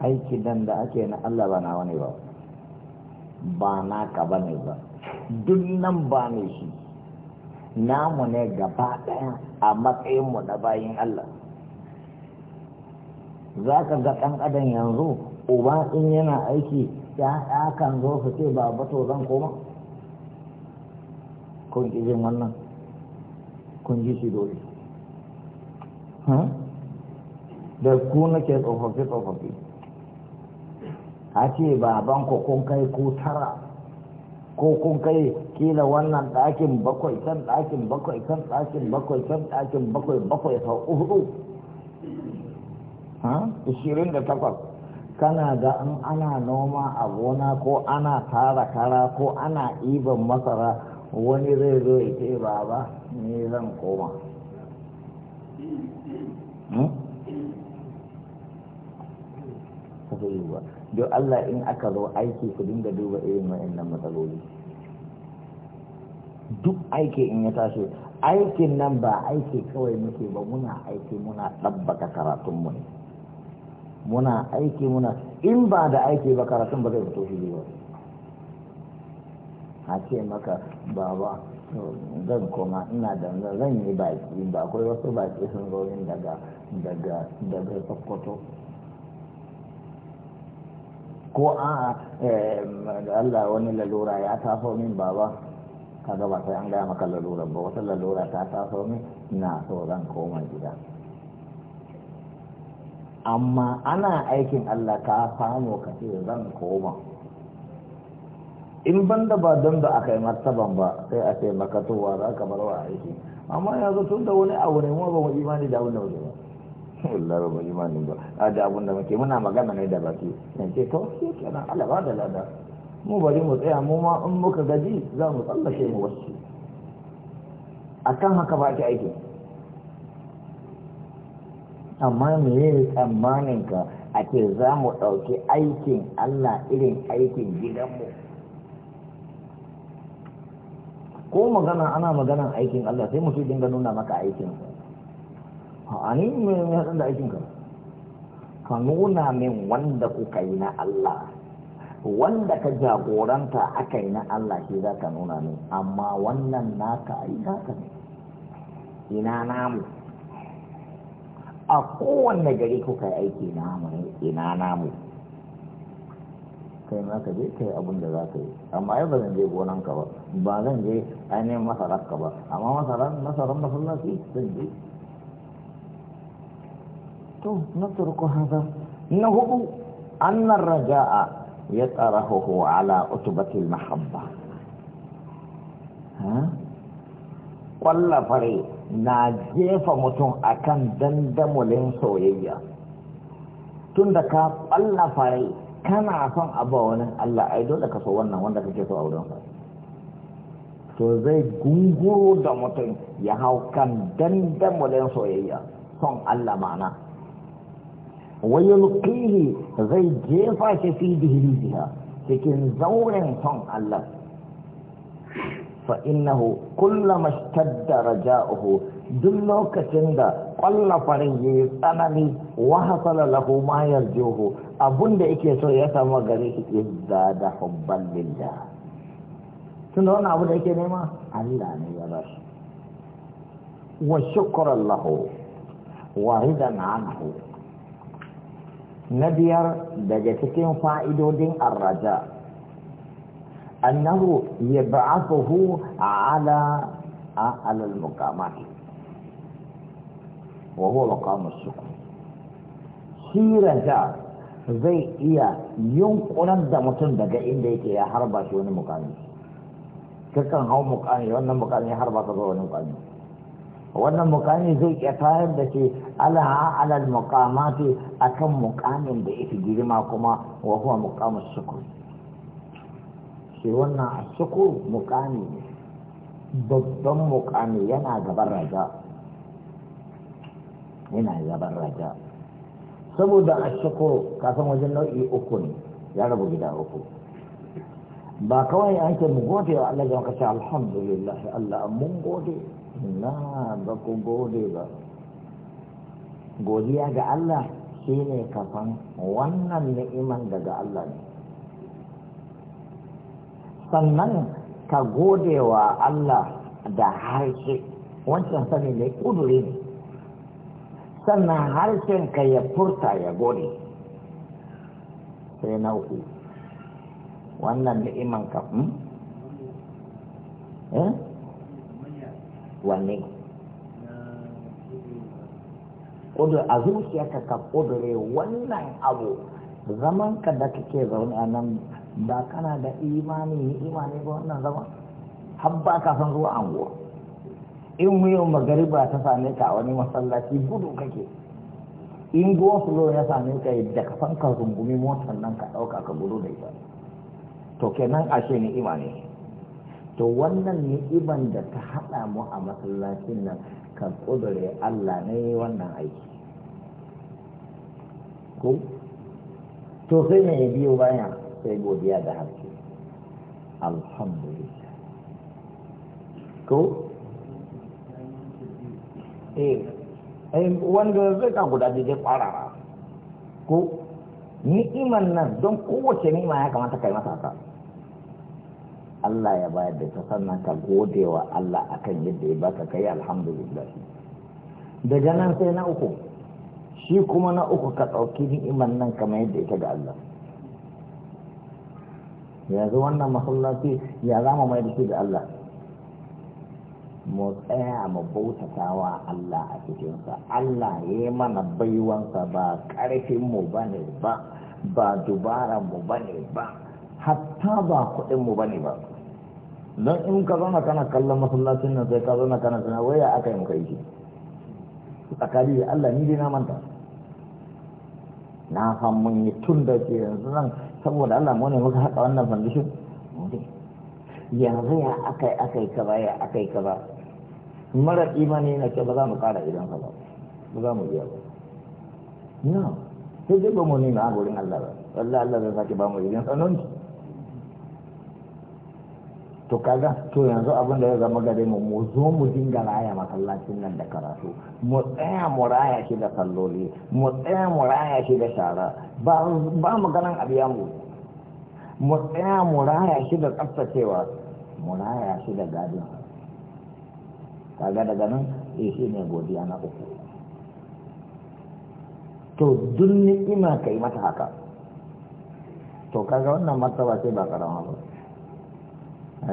aiki nan da ake na Allah ba na wani ba ba na ka ba ne ba duk nan ba ne shi namu ne gaba ɗaya a mu na bayin Allah za ka ga ɗan adam yanzu uba in yana aiki ya kan zo su ce ba bato zan koma kun jin wannan kun ji shi dole da ku nake tsofaffi tsofaffi a ce baban ku kun kai ko tara ko kun kai kila wannan ɗakin bakwai can ɗakin bakwai can ɗakin bakwai can ɗakin bakwai bakwai sau hudu ishirin da takwas kana ga in ana noma a gona ko ana tara kara ko ana iban masara wani zai zo ya ce baba ni zan koma ka hmm? zai yiwuwa don Allah in aka zo aiki ku dinga duba irin wa'annan matsaloli duk aiki in ya tashi aikin nan ba aiki kawai muke ba muna aiki muna ɗabbaka karatunmu ne muna aiki muna in ba da aiki ba karatun ba zai fito shi ba a ce maka baba zan koma ina da zan yi baki ba akwai wasu baki sun zo min daga daga daga sokoto ko a eh, Allah wani lalura ya taso min baba kaga ba sai an gaya maka lalura ba wata lalura ta taso min na so zan koma gida amma ana aikin Allah ka samu ka ce zan koma in banda ba don da aka yi martaban ba sai a ce maka towa za ka bar wa aiki amma yanzu tun da wani abu ne mu ba mu imani da abin da muke ba wallahi ba mu imani ba a da abin da muke muna magana ne da baki sai ce to shi nan, Allah ba da lada mu bari mu tsaya mu ma in muka gaji za mu tsallake mu wasu akan haka ba ki aiki amma me ne tsammanin ka a ce za mu ɗauki aikin Allah irin aikin gidanmu ko magana ana maganan aikin Allah sai mutum dinga nuna maka aikin a ni me ya da aikin ka ka nuna min wanda kuka yi na Allah wanda ka jagoranta aka yi na Allah shi za ka nuna min amma wannan naka ai ka ne ina namu a kowanne gari kuka yi aiki namu ina namu kai ma ka je kai abin da za ka yi amma ai ba zan je gonan ka ba ba zan je ainihin masarar ka ba amma masarar masarar masallaci zan je to na turku haza na hudu annar raja'a ya tsarahuhu ala utubatil mahabba kwallafare na jefa mutum akan dandamulin soyayya tun da ka kwallafare kana son abu wani Allah ai dole ka so wannan wanda kake so a wurin sa to zai gunguro da mutum ya hau kan dandamalin soyayya son Allah mana wayulqihi zai jefa shi fi dihriha cikin zauren son Allah fa innahu kullama ishtadda raja'uhu duk lokacin da ƙwallon farin ya yi tsanani wa hasala lahu ma yarjuhu yake so ya samu gare shi izza da hubban lilla. tun da wani abu da yake nema Allah ne ya ba wa shukran lahu wa ridan anhu na biyar daga cikin fa'idodin arraja annahu yab'athuhu ala alal muqamati wa huwa suku, sukun siranta zai iya yunkurar da mutum daga inda yake ya harba shi wani mukami kakan hau mukami wannan mukami ya harba ka zo wani mukami wannan mukami zai iya tayar da shi alaha alal mukamati akan mukamin da yake girma kuma wa huwa muqamus sukun shi wannan a suku mukami babban mukami yana gaban raja yana gaban raja saboda a shiko kasan wajen nau'i uku ne ya rabu gida uku ba kawai an mu gode wa Allah jama'a kace alhamdulillah Allah mun gode na ba ku gode ba godiya ga Allah shine kafan wannan ni'iman daga Allah ne sannan ka gode wa Allah da harshe wancan sani ne kudure ne sannan harshen ka ya furta ya gode sai na uku wannan ni'iman ka hmm? eh? wanne ƙudur a zuciyarka ka ƙudure wannan abu zaman ka da kake zaune a nan ba kana da imani ni'ima ne ba wannan zaman har ba ka san zuwa anguwa in wuyan magariba ta same ka a wani masallaci gudu kake in gosulo ya same ka yi ka fanka rungumi motar nan ka ɗauka ka gudu da ita to kenan ashe ima ne to wannan ni iman da ta haɗa mu a masallacin nan ka ƙudure Allah ne wannan aiki ko to sai ne ya biyo baya sai godiya da harshe alhamdulillah ko Eh, eh wanda zai ka guda daidai kwarara ko ni'iman nan don kowace ni'ima ya kamata kai masa haka Allah ya bayar da ta sannan ka gode wa Allah akan yadda ya baka kai alhamdulillah daga nan sai na uku shi kuma na uku ka ɗauki ni'iman nan kamar yadda ita ga Allah yanzu wannan masallaci ya zama mai da shi ga Allah mu tsaya mu bautata wa Allah a cikinsa Allah ya yi mana baiwansa ba ƙarfinmu ba ne ba ba dubaranmu ba ne ba hatta ba kuɗinmu ba ne ba don in ka zama kana kallon masallacin nan sai ka zama kana tana waya aka yi muka yi tsakani Allah ni dai na manta na san mun yi tun da ke yanzu nan saboda Allah mu ne muka haka wannan foundation yanzu ya aka yi aka yi ya aka yi kaza marar imani na ce ba za mu kara idan ka ba ba za mu biya ba na sai dai ba mu nuna a gurin Allah ba wallah Allah zai sake ba mu idan sanon to kaga to yanzu abin da ya zama gare mu mu zo mu dinga raya masallacin nan da karatu mu tsaya mu raya shi da salloli mu tsaya mu raya shi da shara ba mu ganin abiya mu mu tsaya mu raya shi da tsaftacewa mu raya shi da gadin kaga daga nan eh shi ne godiya na uku to duk ni'ima yi mata haka to kaga wannan martaba sai ba karama ba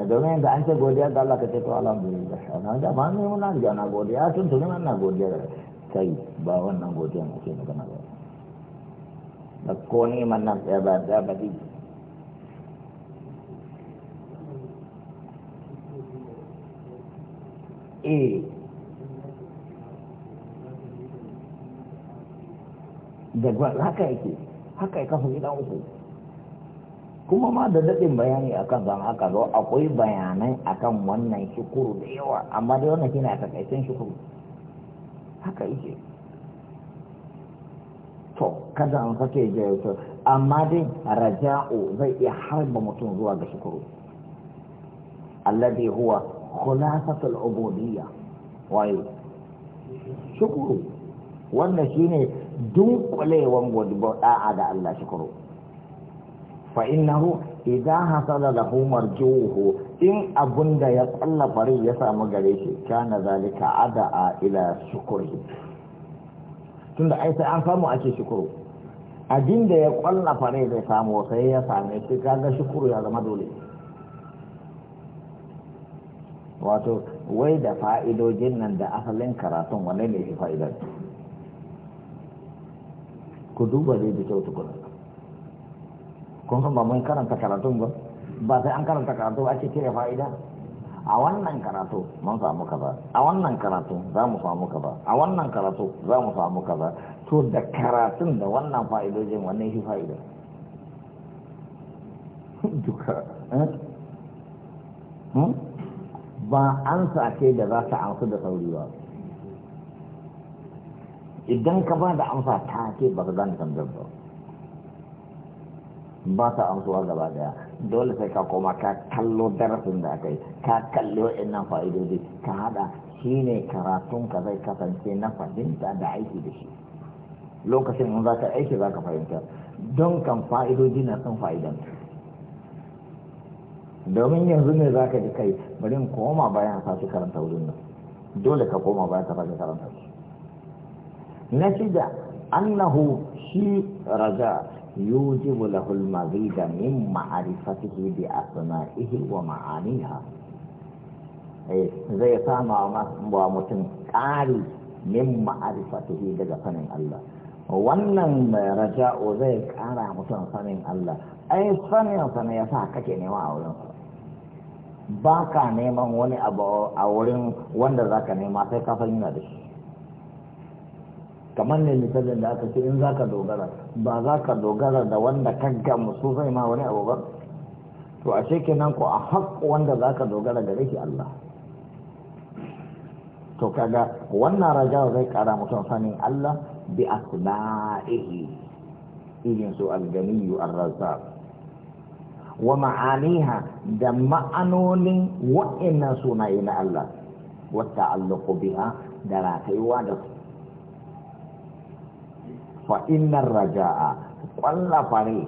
eh, domin da an ce godiya ga Allah ka ce to alhamdulillah na da ba ne muna ga na godiya tun tuni na godiya kai ba wannan godiya ake magana ba da ko ne man nan tsaya ba da ba eh da haka yake haka ya kafa gidan uku kuma ma da daɗin bayani a kan zan haka zo akwai bayanai a kan wannan shukuru da yawa amma da wannan shi ne a takaicin shukuru haka yake to kada an sake jayato amma dai raja'u zai iya harba mutum zuwa ga shukuru alladhi huwa khulasatul ubudiyya waye shukuru wannan shine dunkulewan da'a da Allah shukuru fa innahu da hasala lahu marjuhu in abunda ya tsalla fari ya samu gare shi kana zalika ada'a ila shukuri tunda ai sai an samu ake shukuru abin da ya kwalla fare zai samu sai ya same shi kaga shukuru ya zama dole wato wai da fa'idojin nan da asalin karatun wanne ne shi fa'idar ku duba zai da kyau tukuna kun san ba mun karanta karatun ba ba sai an karanta karatu ake cire fa'ida a wannan karatu mun samu kaza a wannan karatu za mu samu kaza a wannan karatu za mu samu kaza to da karatun da wannan fa'idojin wannan shi fa'ida duka eh? hmm? ba an ce da za ta amsa da sauri ba idan ka ba da amsa ta ce ba ka gane tambayar ba ba ta amsuwa gaba daya dole sai ka koma ka kallo darasin da aka yi ka kallo waɗannan fa'idodi ka hada shi ne karatun ka zai kasance na fahimta da aiki da shi lokacin in za ka aiki za ka fahimta don kan fa'idodi na sun fa'idan domin yanzu ne za ka ji kai bari in koma bayan sa karanta wurin nan dole ka koma bayan ka sake karanta shi na shida annahu shi raja yujibu lahu al-mazida min ma'rifatihi bi asma'ihi wa ma'aniha eh zai sama wa mutum kari min ma'rifatihi daga sanin Allah wannan raja'u zai kara mutum sanin Allah ai eh, sanin sanin ne yasa kake nema a wurin ba ka neman wani abu a wurin wanda za ka nema sai ka san yana da shi kamar ne misalin da aka ce in za ka dogara ba za ka dogara da wanda ka gamu su zai ma wani abu ba to a nan ko a haƙ wanda za ka dogara da shi Allah to kaga wannan raja zai kara mutum sanin Allah bi asma'ihi irin su al-ganiyyu ar-razzaq wa ma'aniha da ma'anonin wa'annan sunaye na Allah wa ta'alluqu biya da ratayuwa da su fa innar raja'a qallafa ne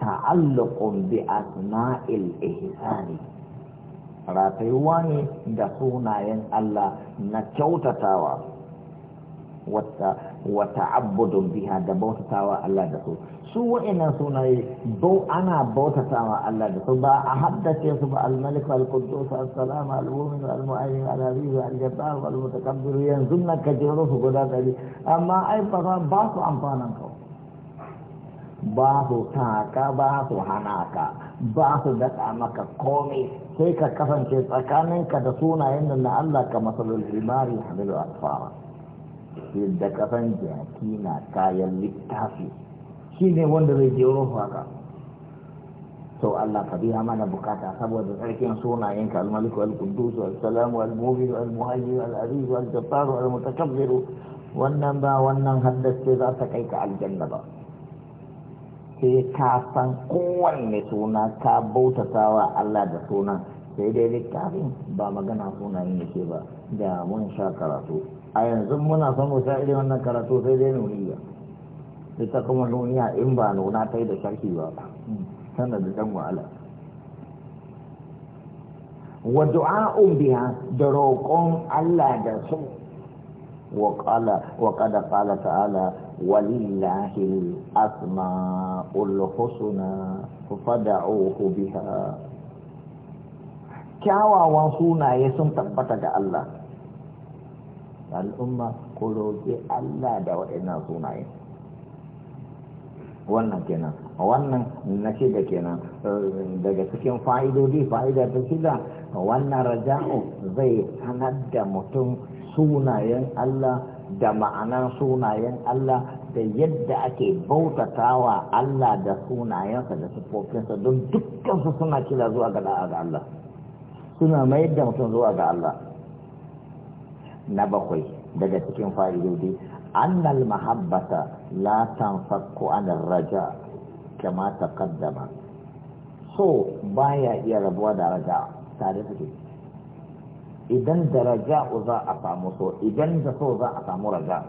ta'alluqun bi asma'il ihsani ratayuwa ne da sunayen Allah na kyautatawa wata abudun biya da bautatawa Allah da su su wa'annan sunaye bau ana bautatawa Allah da su ba a haddace su ba al-malik al-quddus as-salam al-mu'min al-mu'ayyin al-aziz al-jabbar al-mutakabbir yanzu na ka jero su guda dari amma ai ba ba su amfanan ka ba su taka ba su hana ka ba su daɗa maka komai sai ka kasance tsakaninka da sunayen da na Allah ka masalul himari hamilu alfara yadda kasan jaki na kayan littafi shi ne wanda zai je ruhu haka Sau Allah ka biya mana bukata saboda tsarkin sunayen ka al al-quddus al-salamu al-mu'min al al al al wannan ba wannan haddace za ta kai ka aljanna ba sai ka san kowanne suna ka bautata wa Allah da suna. sai dai littafin ba magana sunayen yake ba da mun sha karatu a yanzu muna son mu sha wannan karatu sai dai nuniya ita kuma nuniya in ba nuna ta yi da sarki ba sannan da dan wa'ala wa du'a'un biya da roƙon Allah da su wa qala wa ta'ala walillahi asmaul husna fad'uhu biha kyawawan sunaye sun tabbata ga Allah al'umma ko roƙe Allah da waɗannan sunaye wannan kenan wannan na shida kenan daga cikin fa'idodi fa'ida ta shida wannan raja'u zai sanar da mutum sunayen Allah da ma'anar sunayen Allah da yadda ake bautatawa Allah da sunayensa da sifofinsa don dukkan su suna kila zuwa ga Allah suna mayar da mutum zuwa ga Allah na bakwai daga cikin fa'idodi annal mahabbata la tanfakku anar raja kama taqaddama so baya iya rabuwa da raja tare take idan da raja za a samu so idan da so za a samu raja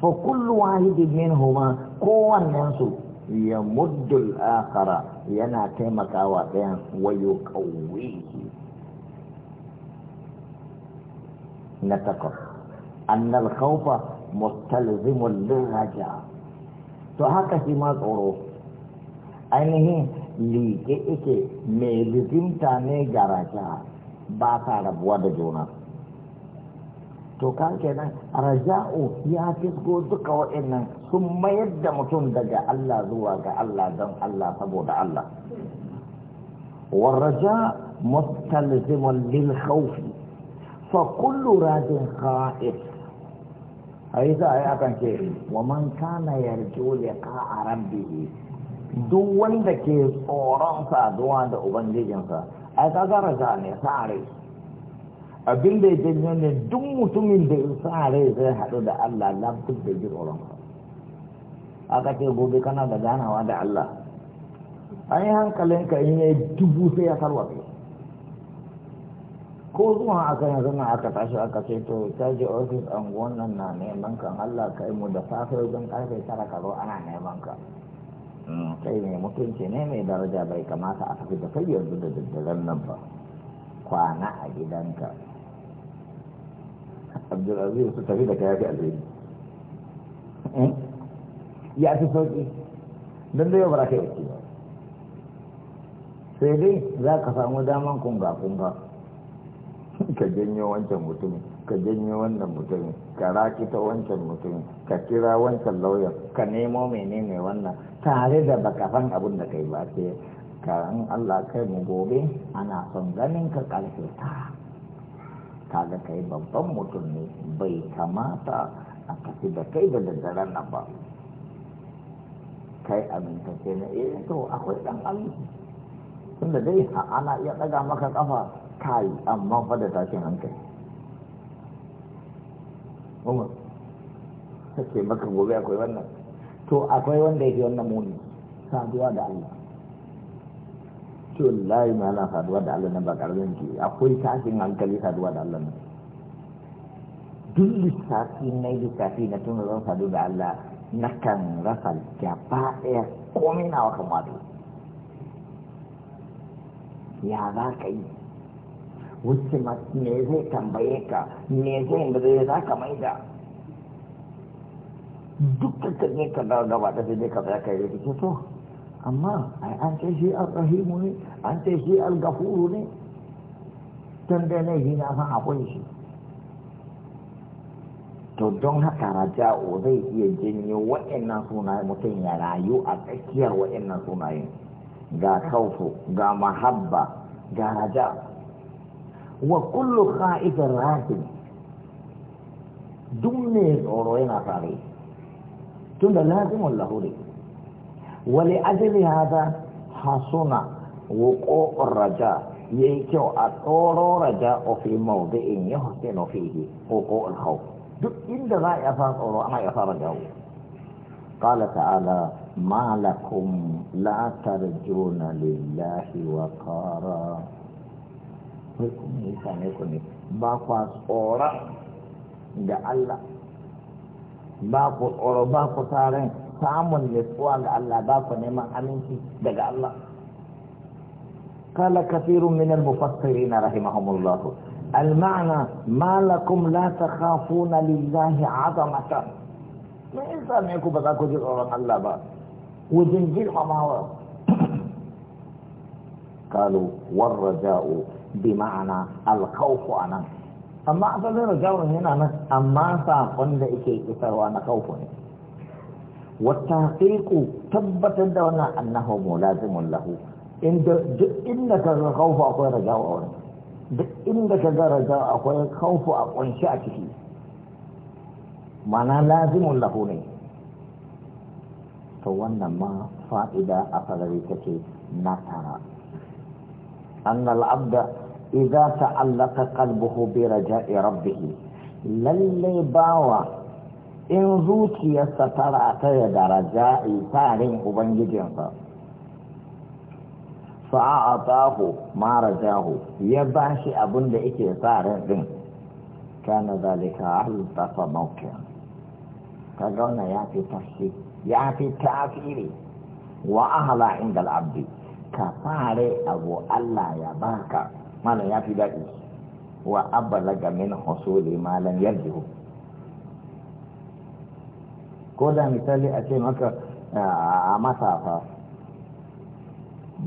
fa kullu wahidin minhuma kowannen su ya muddul akhara yana taimakawa ɗayan wayo kawai نتقف أن الخوف مستلزم للرجاء فهكا فيما تقولوا أنه ليكئك ميلزم تاني جرجاء باتا ربوا دجونا to ka kenan raja'u ya fisgo duka waɗannan sun mayar da mutum daga Allah الله ga الله don الله والرجاء مستلزم للخوف fa kullu rajin kha'if ai a akan ce wa man kana yarju rabbih duk wanda ke tsoron saduwa da ubangijinsa ai ka ga raja ne sare abin da ya janyo ne duk mutumin da ya sare zai haɗu da Allah duk da ji tsoron aka ce gobe kana da ganawa da Allah ai hankalinka in yi dubu sai ya sarwa ko zuwa aka yi zama aka tashi aka ce to ta je ofis an wannan na neman kan Allah kai mu da safe don karfe tara ka zo ana neman ka mm, kai mai mutunci ne mai daraja bai kamata a tafi da kai yanzu da daddaren nan ba kwana a gidanka abdulaziz su tafi da kayafi ya alheri ya fi eh? sauki don da yau ba za ka yi ba sai dai za ka samu daman kunga-kunga ka janyo wancan mutumin ka janyo wannan mutumin ka rakita wancan mutumin ka kira wancan lauyan ka nemo menene wannan tare da baka san abin da kai ba sai karan Allah kai mu gobe ana son ganin ka karfe ta kaga kai babban mutum ne bai kamata a kafi da kai da daddaren nan ba kai aminta amintacce na eh to akwai dan Allah tunda dai ana iya daga maka kafa kai amma fa da tashin hankali umar sake maka gobe akwai wannan to akwai wanda yake wannan muni saduwa da Allah to wallahi ma na saduwa da Allah na ba karamin ki akwai tashin hankali saduwa da Allah nan duk lissafi na lissafi na tun zan sadu da Allah na kan rasa gaba ɗaya komai na wakan wato ya za ka yi wacce ma me zai tambaye ka me zai za da ba ta sai kai gafuru ne tun shi to don haka raja'u zai iya janyo waɗannan sunayen mutum ya rayu a tsakiyar waɗannan sunayen ga kaufu ga mahabba ga raja وكل خائف راتب دمني أوروين أخاري تنبى لازم ولا هوري ولأجل هذا حصنا وقوع الرجاء يكو أطورو رجاء في موضع يحسن فيه وقوع الخوف إن دلاء يفاق أورو أما يفاق رجاءه قال تعالى ما لكم لا ترجون لله وقارا ku ne ba tsora ga Allah ba ku tsoro ba ku samun ga Allah ba ku neman aminci daga Allah قال كثير من المفسرين رحمهم الله المعنى ما لكم لا تخافون لله عظمة ما إنسان يكون بذلك جل أوران الله با وجنجل قالوا والرجاء bi ma'ana alkhawfu anan amma asalin rajawun yana nan amma saƙon da yake isarwa na khawfu ne wata tabbatar da wannan annahu lazimun lahu inda duk inda ka ga khawfu akwai rajawu a wurin duk inda ka ga rajawu akwai khawfu a kunshi a ciki mana lazimun lahu ne to wannan ma fa'ida a farari take na tara annal abda idza ta'allaka qalbuhu bi raja'i rabbih lalle bawa in zuciyarsa ta rataya da raja'i tarin ubangijinsa fa'atahu ma rajahu ya bashi abin da sa ran din kana zalika ahlu tafa mawqi'a kaga wannan ya fi ya fi tafiri wa ahla inda al-abdi ka fare abu Allah ya baka malam ya fi daɗi wa ga min husuli malam yarjihu ko da misali a ce maka a masafa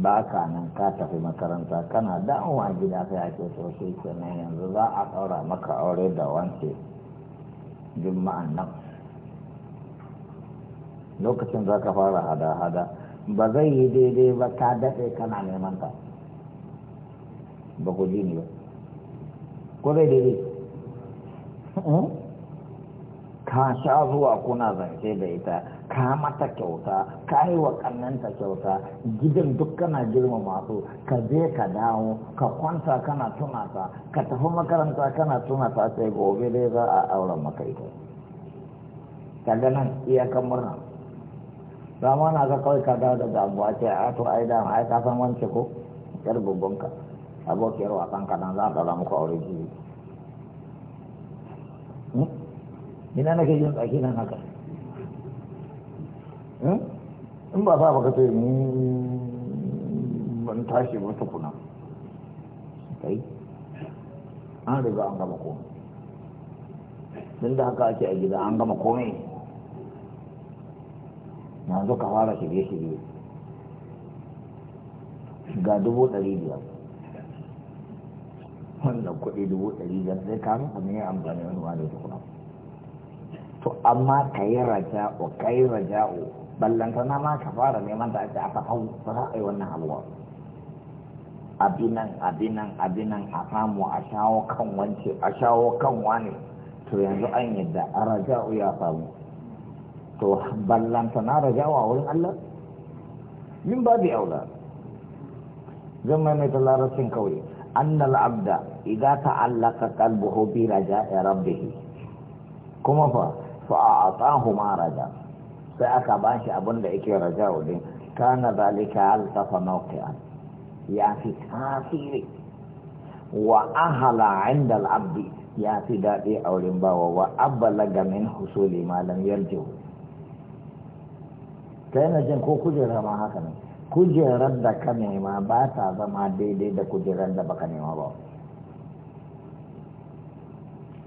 ba ka nan ka tafi makaranta kana a gida sai ake so kenan yanzu za a ɗaura maka aure da wance juma'an nan lokacin za ka fara hada-hada ba zai yi daidai ba ka daɗe kana neman ta ba ku ji ni ba ko dai dai eh? ka sha zuwa kuna zance da ita ka mata kyauta ka yi wa kannanta kyauta gidan duk kana girma masu ka je ka dawo ka kwanta kana tunata ka tafi makaranta kana tunata sai gobe dai za a auren maka ita ka nan iyakan murna ba na ga kawai ka dawo da damuwa ce a to ai dama ai ka san wance ko yar babban ka abokiyar wasan kanan za a ɗaura muku aure jibi ina nake jin tsaki nan haka in ba sa baka sai ni ban tashi ba tukuna kai an riga an gama komai don da haka ake a gida an gama komai yanzu ka fara shirye-shirye ga dubu ɗari biyar wannan kuɗi dubu ɗari da sai ka nufa ne amfani wani wani da tukuna to amma ka yi raja'u ka yi raja'u ballantana ma ka fara neman da ake a hau ba za a yi wannan halwa abinan abinan abinan a samu a shawo kan wance a shawo kan wani to yanzu an yadda a raja'u ya samu to ballantana raja'u a wurin Allah min babu aula zan maimaita larabcin kawai annal abda idan ta'allaka qalbuhu bi raja'i rabbih kuma fa fa'atahu ma raja sai aka bashi abin da yake raja'u din kana zalika altafa mawqi'an ya fi tasiri wa ahala 'inda al-abdi ya fi daɗi a wurin bawa wa ga min husuli malam yarjo ta yana jin ko kujera ma haka ne kujerar da ka nema ba ta zama daidai da kujerar da baka nema ba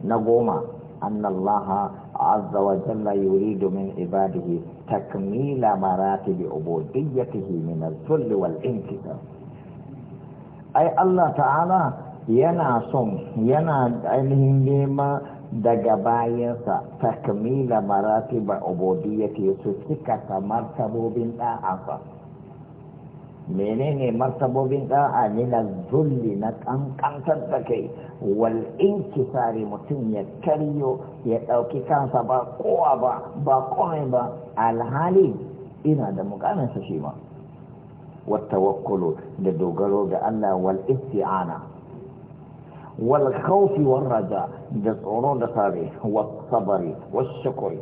na goma annallaha azza wa jalla yuridu min ibadihi takmila maratibi ubudiyyatihi min al-zulli wal intisar ai Allah ta'ala yana son yana ainihin nema daga bayansa takmila maratiba ubudiyyati su cika martabobin da'afa menene martabobin da'a min zulli na kankantar da kai wal inkisari mutum ya karyo ya ɗauki kansa ba kowa ba ba komai ba alhali ina da mukamin sa shi ma wattawakkulu da dogaro ga Allah wal isti'ana wal khawfi war raja da tsoro da sare was sabari was shukri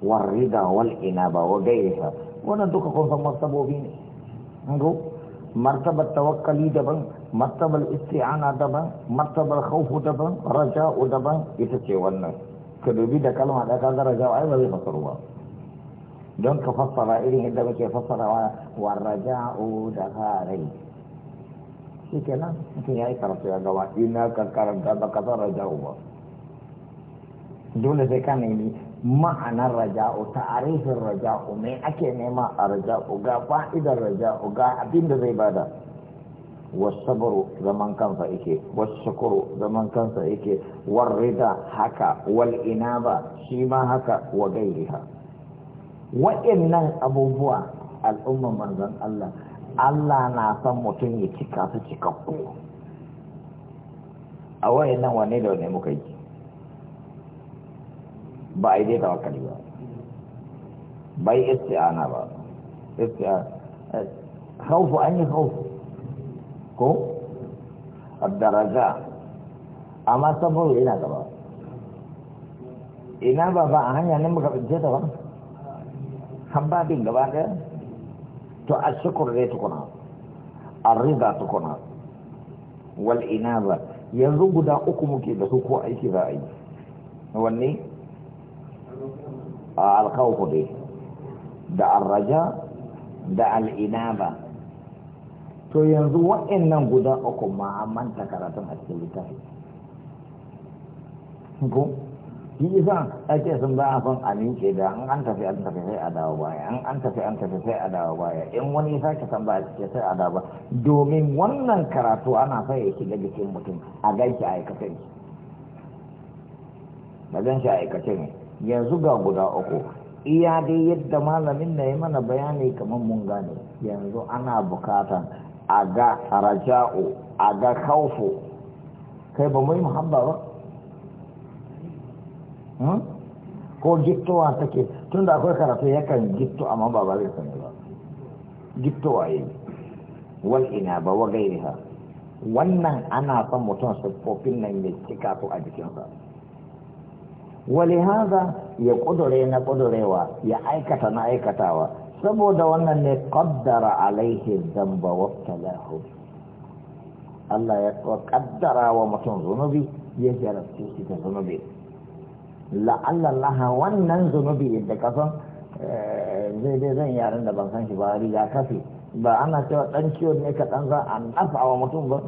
war rida wal inaba wa gairiha wannan duka kun san martabobi ne ngo martaba tawakkali daban martabal isti'ana daban martabal khawfu daban raja'u daban ita ce wannan ka dubi da kalma da kaga raja'u ai ba zai fasaru ba don ka fassara irin yadda muke fassara wa raja'u da harai shi kenan mutum ya yi karatu ya gaba ina ka karanta ba ka san raja'u ba dole sai ka nemi ma'anar raja'u ta'arifin raja'u me ake nema a raja'u ga fa'idar raja'u ga abin da zai bada wasabaru zaman kansa wasu shakuru zaman kansa yake rida haka wal ina ba shi ma haka wa gairiha wa'annan abubuwa al'umman manzan Allah Allah na san mutum ya cika su cikakku a wayannan wane da wane muka yi ba a yi dai tawakkali ba bai isti'ana ba isti'ana eh, khawfu an yi khawfu ko daraja amma saboda ina gaba ina ba ba a hanya ne muka fice ta ba habbabin gaba ɗaya to a shukur zai tukuna a riga tukuna wal ina ba yanzu guda uku muke da su ko aiki za a yi wanne a alkhawfu dai da arraja da al'inaba to yanzu waɗannan guda uku ma an manta karatun a cikin littafi ko shi isa ake sun za a son amince da an an tafi an tafi sai a dawo baya an an tafi an tafi sai a dawo baya in wani ya sake san ba a cike sai a dawo domin wannan karatu ana sa ya shiga jikin mutum a ganshi aikace ne a ganshi aikace ne yanzu ga guda uku iya dai yadda malamin na yi mana bayani kamar mun gane yanzu ana bukatan a ga raja'u a ga kawfu kai ba mai muhabba ba hmm? ko gittowa take tun da akwai karatu yakan gitto amma ba ba zai sani ba gittowa yi wal ina ba wa gairiha wannan ana son mutum siffofin nan ya cika ko a jikinsa haza ya na ولهذا ya aikata na aikatawa saboda wannan ne kaddara alaihi zamba wabtalahu Allah ya kaddara wa mutum zunubi ya jarabce shi da zunubi la'allallaha wannan zunubi da kasan zai dai zan yaren da ban san shi ba riga kafi ba ana cewa dan ciwon ne ka ɗan za a nafa wa mutum ba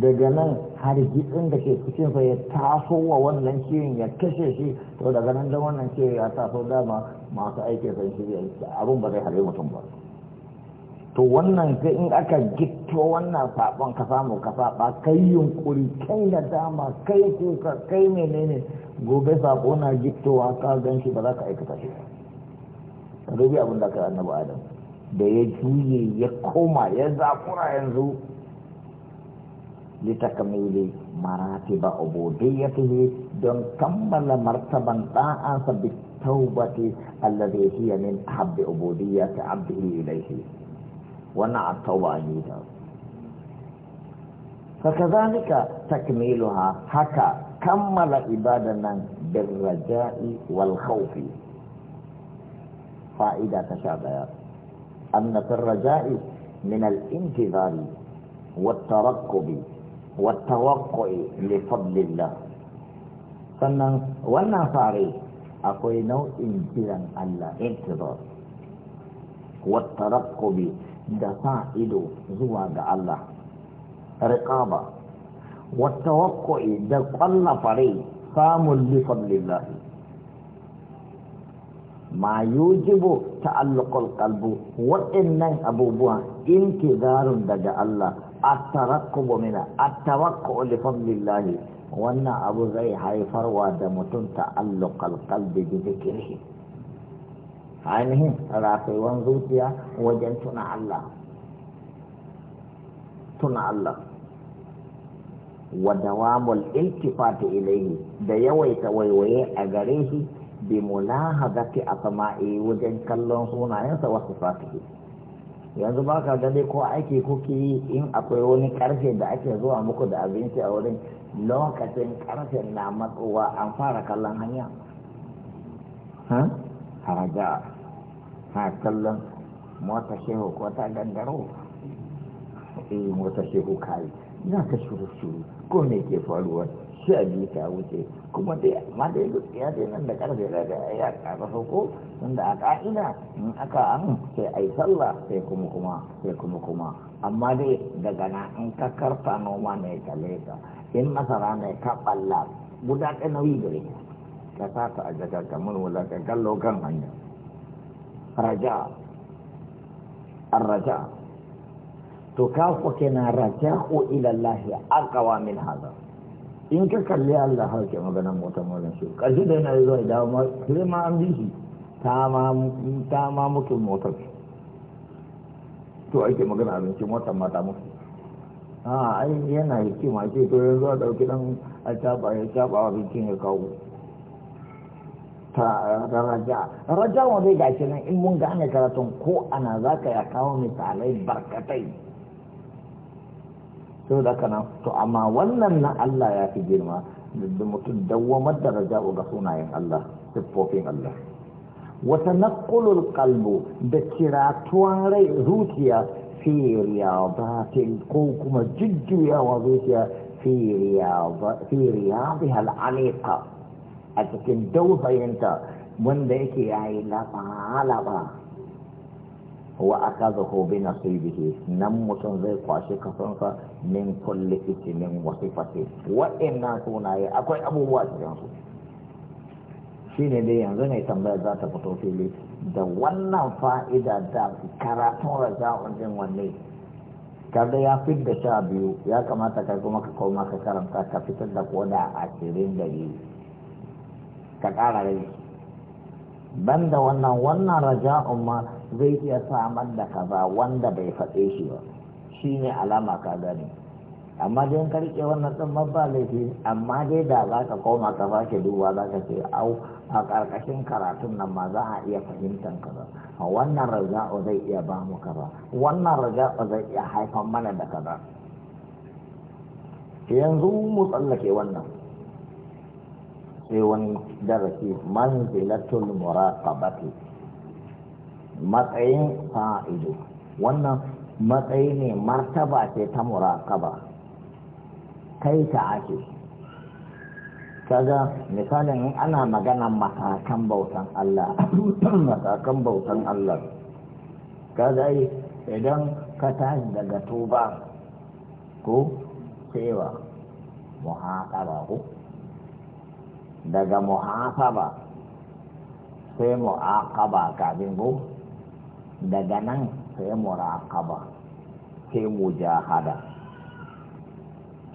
daga nan har gitsin da ke cikinsa ya taso wa wannan ciwon ya kashe shi to daga nan da wannan ciwon ya taso dama masu aikin sai shi abun ba zai hare mutum ba to wannan sai in aka gitto wannan sabon ka samu ka saba kai yunkuri kai da dama kai kuka kai menene gobe sabo na gittowa ka gan shi ba za ka aikata shi ba abin da ka annabi adam da ya juye ya koma ya zakura yanzu لتكميل مراتب عبوديته دون كمل مرتبا طاعة بالتوبة الذي هي من أحب عبودية عبده إليه ونع التوبة أيضا فكذلك تكميلها هكا كمل عبادنا بالرجاء والخوف فائدة تشابه أن في الرجاء من الانتظار والترقب والتوقع لفضل الله sannan wannan fare akwai nau'in jiran Allah Wata wattarakkubi da sa ido zuwa ga Allah riqaba wattawakku'i da ƙwalla fare samun lifadlillah ma yujibu ta qalbu waɗannan abubuwa intizarun daga Allah at-tarakkubu mina at wannan abu zai haifarwa da mutum ta'alluqal qalbi bi dhikrihi ainihin rafaiwan zuciya wajen tuna Allah tuna Allah wa dawamul iltifati ilayhi da yawaita waiwaye a gare shi bi mulahadati asma'i wajen kallon sunayensa wasu sifatihi yanzu ba ka gade ko aiki kuke yi in akwai wani karfe da ake zuwa muku da abinci a wurin lokacin karfen na matsuwa an fara kallon hanya raja ha kallon mota shehu ko ta gangaro eh mota shehu kai ina ta shuru shuru ko me ke faruwa sha biyu ta wuce kuma dai amma dai gaskiya dai nan da karfe da ya kafa sauko tunda a ka'ida in aka an sai ai sallah sai kuma kuma sai kuma kuma amma dai daga na in ka karfa noma ne ka leka in masara ne ka balla guda ɗaya nauyi gare ka sa ta a jakar kamar wula ka kallo kan hanya raja الرجاء تكافئ كنا رجاء إلى الله أقوى min هذا in ka kalli Allah har ke magana motar mallan shi ƙarshe da yana zuwa ya dawo sai ma an bi shi ta ma mutu motar to ake magana abinci motar ta mutu a ai yana hikima ce to yanzu a ɗauki ɗan a caɓa ya caɓa abincin ya kawo ta raja raja wanda ya gashi nan in mun gane karatun ko ana za ka ya kawo misalai barkatai sau da kana to amma wannan na Allah ya fi girma da mutum dawwamar da ga sunayen Allah siffofin Allah wata naƙulul kalbo da kiratuwan rai zuciya fi riyadatin ko kuma jujjuyawa zuciya fi bi a cikin dausayinta wanda yake yayi laɓa wa akazahu bi nasibihi nan mutum zai kwashe kasansa min kulli ismin wa sifati wa'inna sunaye akwai abubuwa cikinsu? su ne dai yanzu ne tambayar za ta fito fili da wannan fa'ida da karatun raja'un din wanne kada ya fi da sha biyu ya kamata kai kuma ka koma ka karanta ka fitar da da ashirin da biyu ka ƙara rai banda wannan wannan raja'un ma zai iya samar da kaza wanda bai faɗe shi ba shi ne alama ka gani amma dai in karke wannan ɗin ba laifi amma dai da za ka koma ka ba ke duba za ka ce au a ƙarƙashin karatun nan ma za a iya fahimtar kaza a wannan raja'u zai iya ba mu kaza wannan raja'u zai iya haifar mana da kaza yanzu mu tsallake wannan sai wani darasi manzilatul muraqabati matsayin fa'ido wannan matsayi ne martaba ce ta muraƙaba kai ta ake kaga misalin ana magana matakan bautan Allah matakan bautan Allah kaga idan ka tashi daga tuba ko cewa muhaƙaba ko daga muhaƙaba sai mu'aqaba kafin ko daga nan sai muraqaba sai mujahada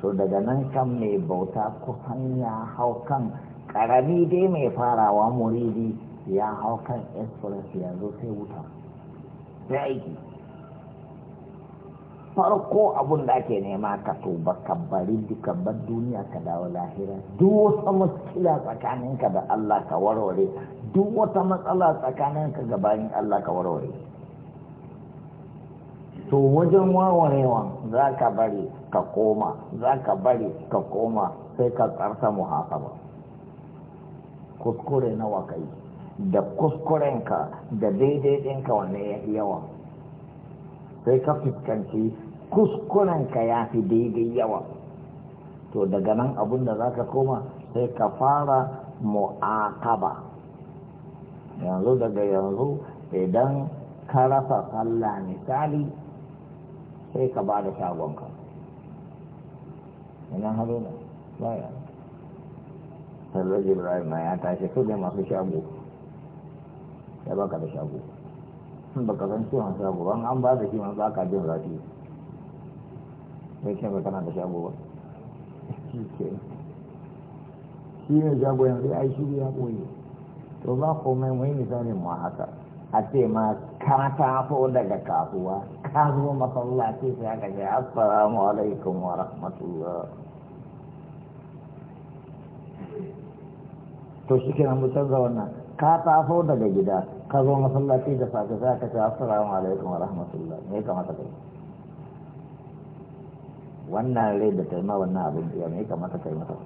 to daga nan kan mai bauta kusan ya hau kan karami dai mai farawa muridi ya hau kan express yanzu sai wuta sai aiki farko abun da ake nema ka tuba ka bari duka bar duniya ka dawo lahira duk wata matsala tsakaninka da Allah ka warware duk wata matsala tsakaninka gabanin Allah ka warware to wajen wawarewa za ka bari ka koma za ka bari ka koma sai ka tsarsa muhasaba kuskure nawa yi da kuskurenka da daidai ɗinka wanne ya yawa sai ka fuskanci kuskurenka ya fi daidai yawa to daga nan abin da za ka koma sai ka fara mu'akaba yanzu daga yanzu idan ka rasa sallah misali sai ka ba da shagonka ina haruna baya sallajin rai ma ya tashi su ne masu shago ya baka da shago sun baka san ciwon shago ban an ba da shi za ka jin rafi sai ce ba kana da shago ba shi ne shago yanzu ai yi, ya koyi to ba komai mai misalin ma haka a ce ma ka tafo daga kasuwa ka zo masallaci sai aka ce assalamu alaikum wa rahmatullah to shi kenan mu canza wannan ka tafo daga gida ka zo masallaci da safe sai aka ce assalamu alaikum wa rahmatullah me kamata kai wannan rai da taima wannan abin ya me kamata kai mata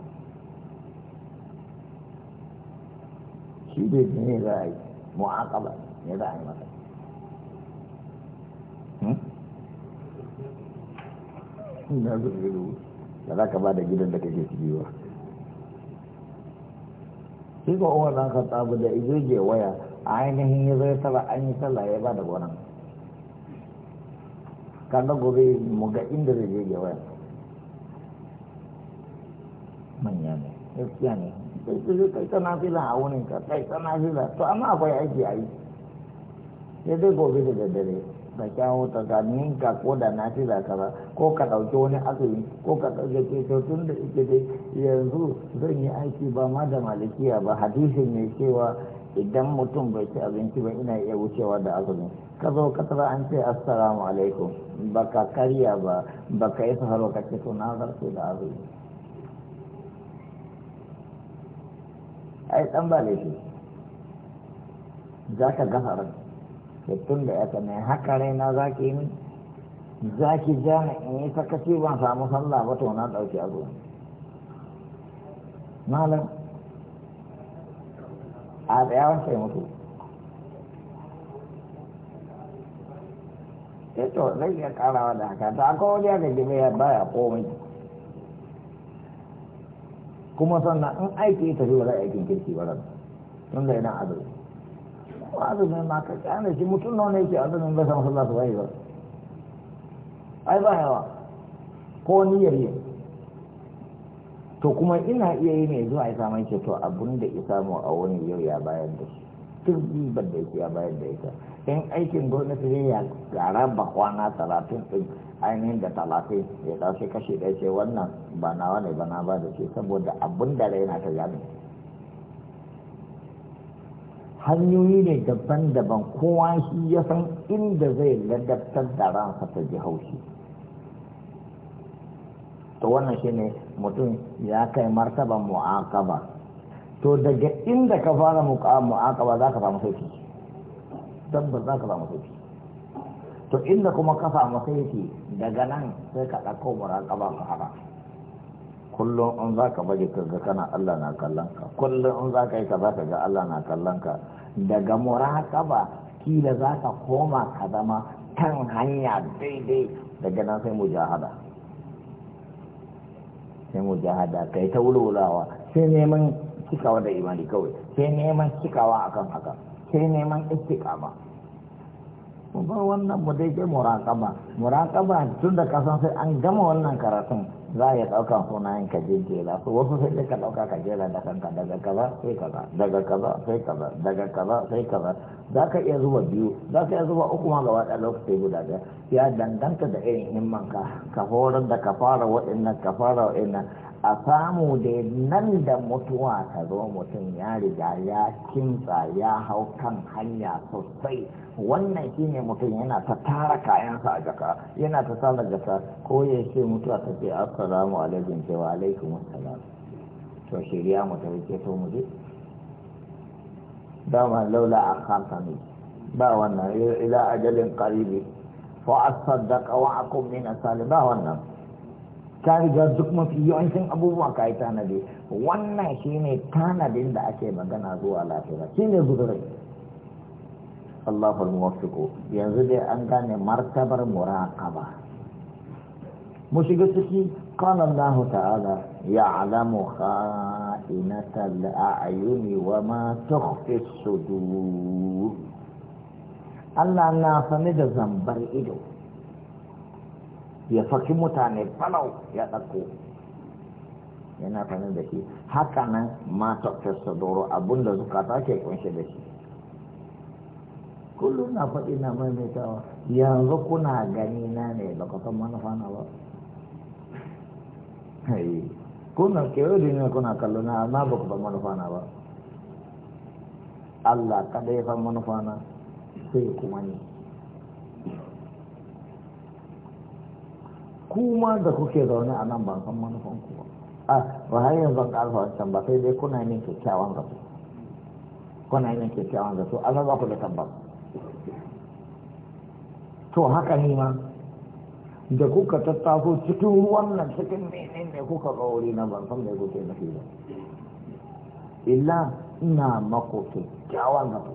shi dai ne za a yi mu'aqaba ya za a yi masa da hmm? za ka ba da gidan da kake ciki ba shi ko umar dan khattab da ije waya ainihin ya zai sallah an yi sallah ya ba da gonan kaga gobe mu ga inda zai je waya manya ne gaskiya ne sai kai tana a wurin ka kai tana fila to amma akwai aiki a yi sai dai gobe da daddare ka kyawo tsakanin ka ko da na fi da kaza ko ka ɗauki wani azumi ko ka ɗauki ke tun da ike dai yanzu zan yi aiki ba ma da malikiya ba hadisin ne cewa idan mutum bai ci abinci ba ina iya wucewa da azumi ka zo ka tara an ce assalamu alaikum baka karya ba baka yi saharo ka ce to na zarce da azumi ai dan ba laifi za ka gasa tun da ya mai haka raina za ki yi za ki ja na in yi sakaci ban samu sallah ba to na ɗauki abu malam a tsayawan wance mutu sai eh to zai iya karawa da haka ta akwai wani ya gaji mai baya komai kuma sannan in aiki ya tafi ba za a aikin kirki ba ran tun da yana azuri azumin ma ka kyana shi mutum nawa ne yake azumin ba masallah su bai ba ai ba yawa ko niyyar yi to kuma ina iya yi ne zuwa ya samun ce to abun da ya samu a wani yau ya bayar da shi duk ribar da ya bayar da ita in aikin gwamnati ne ya gara ba kwana talatin din ainihin da talatin ya ɗauke kashe ɗaya ce wannan ba nawa ne ba na ba da ce saboda abun da raina ta gani hanyoyi ne daban-daban kowa shi ya san inda zai ladabtar da ransa ta ji haushi to wannan shi ne mutum ya kai martaban mu'aqaba to daga inda ka fara mu'aqaba za ka samu sauki tabbas za ka samu sauki to inda kuma ka samu sauki daga nan sai ka ɗauko muraƙaba ka haɗa kullum in za ka ka ga kana Allah na kallon ka kullum in za ka yi ka za ka ga Allah na kallon ka daga muraqaba kila za ka koma ka zama kan hanya daidai daga nan sai mujahada sai mujahada kai ta wulwulawa sai neman cikawa da imani kawai sai neman cikawa akan haka sai neman istiqama mu ba wannan mu dai ke muraqaba muraqaba tun da kasan sai an gama wannan karatun za a iya ɗaukan sunayen ka jejjera su wasu sai ka ɗauka ka jera da kanka daga kaza sai kaza daga kaza sai kaza daga kaza sai kaza za ka iya zuba biyu za ka iya zuba uku ma gaba ɗaya lokaci guda ɗaya ya danganta da irin himman ka ka horar da ka fara waɗannan ka fara waɗannan a samu da nan da mutuwa ta zo mutum ya riga ya kimtsa ya hau kan hanya sosai wannan shi ne mutum yana ta tara kayansa a jaka yana ta tara jaka ko ya ce mutuwa ta ce assalamu alaikum wa alaikum assalam to shirya mu ta wuce to mu je dama laula a ne ba wannan ila ajalin karibi fa asaddaqa wa akum min asali ba wannan kai ga duk mafi yawancin abubuwa ka yi tanadi wannan shine tanadin da ake magana zuwa lafiya Shi ne gudurai Allahul muwaffiqu yanzu dai an gane martabar muraqaba mu shiga ciki ya alamu ta'ala ya'lamu kha'inatal a'yuni wa ma tukhfi sudur Allah na sani da zambar ido ya saki mutane falau ya ɗauko yana sani da shi haka nan ma tukhfi sudur abinda zukata ke kunshe da shi kullum na faɗi na maimaitawa yanzu kuna gani na ne lokacin san manufa na ba kuna kewa yi kuna kallo na na ba ku ba manufa na ba Allah kada ya fa manufa na sai kuma ne kuma da kuke zaune a nan ban san manufan ku ba ah, a ba har yanzu ka alfa wancan ba sai dai kuna yin kyakkyawan zato kuna yin kyakkyawan zato an ba ku da tabbas to haka ni ma da kuka tattafo cikin wannan cikin mene ne kuka kauri na ban san mai gote na fiye illa ina mako kyakkyawan zato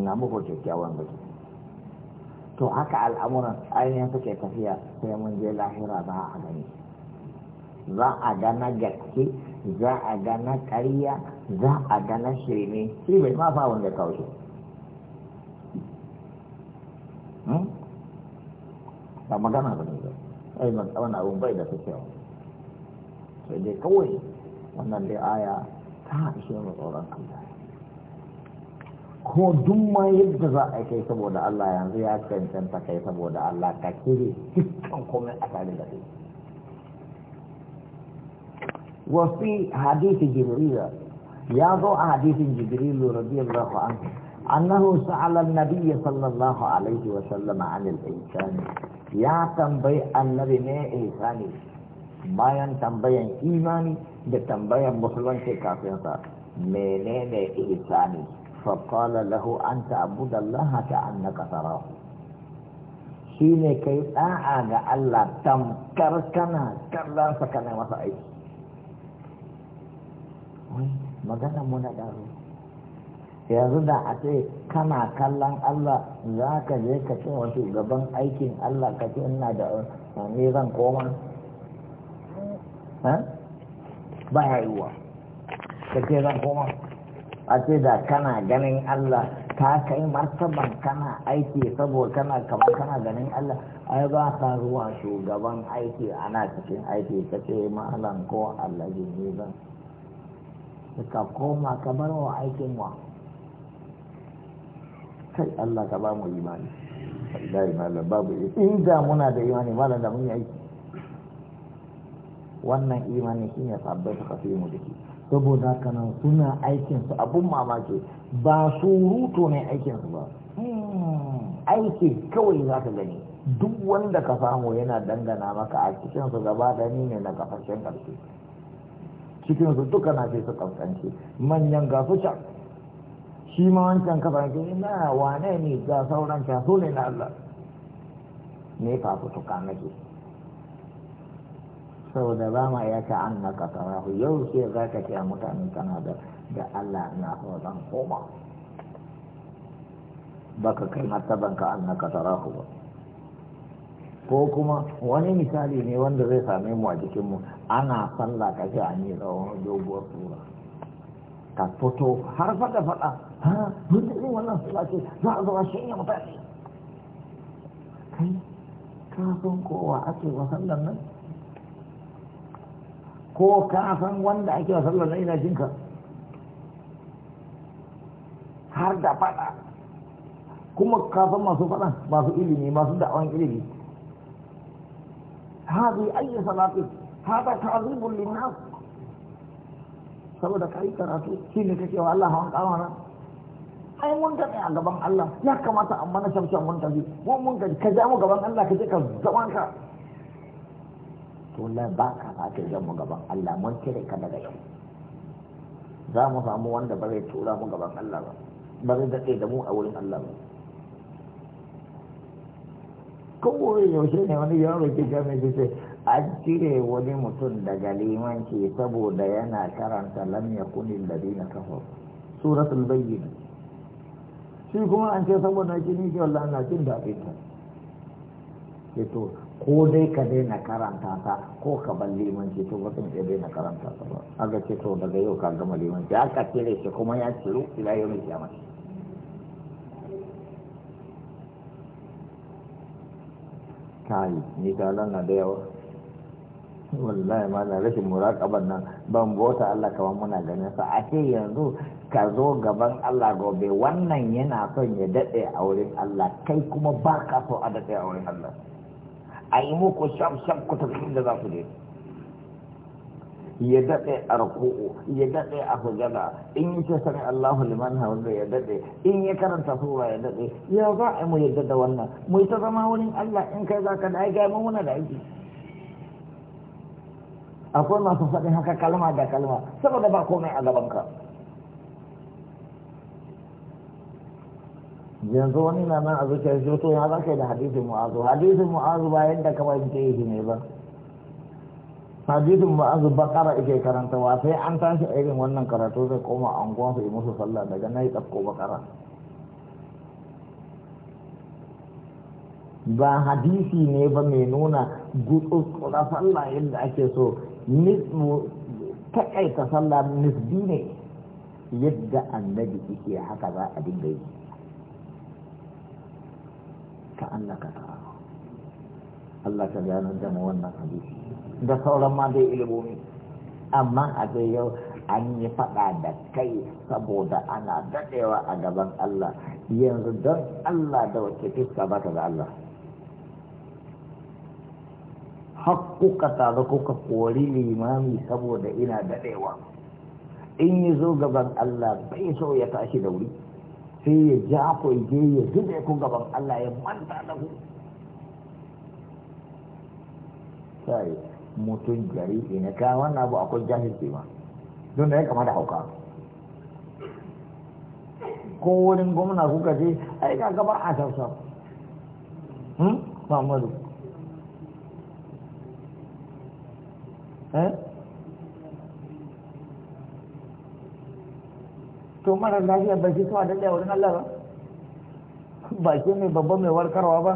ina mako kyakkyawan zato to haka al'amuran ainihin suke tafiya sai mun je lahira za a gani za a gana gaske za a gana ƙarya za a gana shirme shi bai ma fa wanda kawo ba magana ba ne ai wannan abun bai da su kyau sai dai kawai wannan dai aya ta ishe mu tsoron Allah ko duk ma yadda za a kai saboda Allah yanzu ya cancanta kai saboda Allah ka kire dukkan komai a tare da kai وفي حديث جبريل يضع حديث جبريل رضي الله عنه أنه سأل النبي صلى الله عليه وسلم عن الإنسان ya tambayi annabi ne isani bayan tambayan imani da tambayan musulunci kafin sa menene an fa da lahu anta abudallaha ka annaka tarahu shine kai ɗaa ga Allah tamkar kana kallon sa kana masa aiki magana muna yanzu da a ce kana kallon Allah za ka je ka ce wasu shugaban aikin Allah ka ce ina da ne ah, zan koma eh? ba ya wa ka ce zan koma a ce da kana ganin Allah ta kai martaban kana aiki saboda kana kamar kana ganin Allah ai ba ka ruwa shugaban aiki ana cikin aiki ka ce malam ko Allah ne zan ka koma ka bar wa aikin wa kai Allah ka ba mu imani wallahi malam babu inda muna da imani malam da mun yi aiki wannan imani shine sabbai ta kafi mu dake saboda kana suna aikin su abun mamaki ba surutu ne aikin su ba hmm, aiki kawai za ka gani duk wanda ka samu yana dangana maka a cikin su gaba da ni ne na kafashen karshe cikin su duka na sai su kaskanci manyan gasu can shi ma wancan kafa ke na wane ne ga sauran kyaso ne na Allah me ka fito ka nake saboda ba ma ya ta annaka tarahu yau sai za ka ce mutane kana da da Allah na sauran koma. koma baka kai martaban ka annaka tarahu ba ko kuma wani misali ne wanda zai same mu a jikinmu ana sallah kace an yi tsawon doguwar tura? ka fito har faɗa faɗa ha mun da ni wannan sai ce za a zuwa shi ya mutane kai ka san kowa ake wa nan nan ko ka san wanda ake sallan nan ina jinka har da faɗa kuma ka san masu fada masu ilimi masu da'awan ilimi هذه أي صلاة هذا تعظيم للناس saboda ka yi karatu shi ne kake wa Allah hawan kama na ai mun ga a gaban Allah ya kamata a mana shamshan mun tafi mun mun ga ka ja mu gaban Allah ka je ka zaman ka to la ba ka ba ka ja mu gaban Allah mun cire ka daga yau za mu samu wanda ba zai tura mu gaban Allah ba ba zai daɗe da mu a wurin Allah ba wani yaushe ne wani yaro ke gane shi an cire wani mutum daga limanci saboda yana karanta lam da ladina kafar suratul bayyina shi kuma an ce saboda shi ni ke wallahi na jin daɗin ta ke to ko dai ka daina karanta ta ko ka bar limanci to ba zan iya daina karanta ta ba aka ce to daga yau ka gama limanci aka cire shi kuma ya ciro ila yau ne kiyama kai ni da na da yawa wallahi ma na rashin muraƙaban nan ban bota Allah kamar muna ganin sa a ce yanzu ka zo gaban Allah gobe wannan yana son ya daɗe a wurin Allah kai kuma ba ka so a daɗe a wurin Allah a yi muku shaf shaf ku tafi da za ku je ya daɗe a ruku'u ya daɗe a hujjada in yi ce sani Allahu liman hawza ya daɗe in ya karanta sura ya daɗe ya za a yi mu yadda da wannan mu ta zama wurin Allah in kai za ka da ai gaya mu muna da aiki akwai masu faɗin haka kalma da kalma saboda ba komai a gabanka yanzu wani na nan a zuciyar shi to ya za ka yi da hadisin mu'azu hadisin mu'azu ba yadda kawai ta yi ne ba hadisin mu'azu bakara ike karantawa sai an tashi a irin wannan karatu zai koma anguwan su yi musu sallah daga na yi ba bakara ba hadisi ne ba mai nuna gutsutsura sallah yadda ake so takaita sallah nisbi ne yadda annabi yake haka za a dinga yi ka Allah ka Allah ka gano da mu wannan hadisi da sauran ma dai ilimomi amma a dai yau an yi faɗa da kai saboda ana daɗewa a gaban Allah yanzu don Allah da wacce fiska ba ta da Allah hakkuka ko kuka kori limami saboda ina daɗewa in yi zo gaban Allah bai so ya tashi da wuri sai ya ja ku je ya zube ku gaban Allah ya manta da ku sai mutum jari ina ka wannan abu akwai jahilci ma don da ya kama da hauka ko wurin gwamna kuka je ai ga gaba a sausau hmm? Muhammadu Eh? to mara lafiya ba shi wurin Allah ba ba shi mai mai warkarwa ba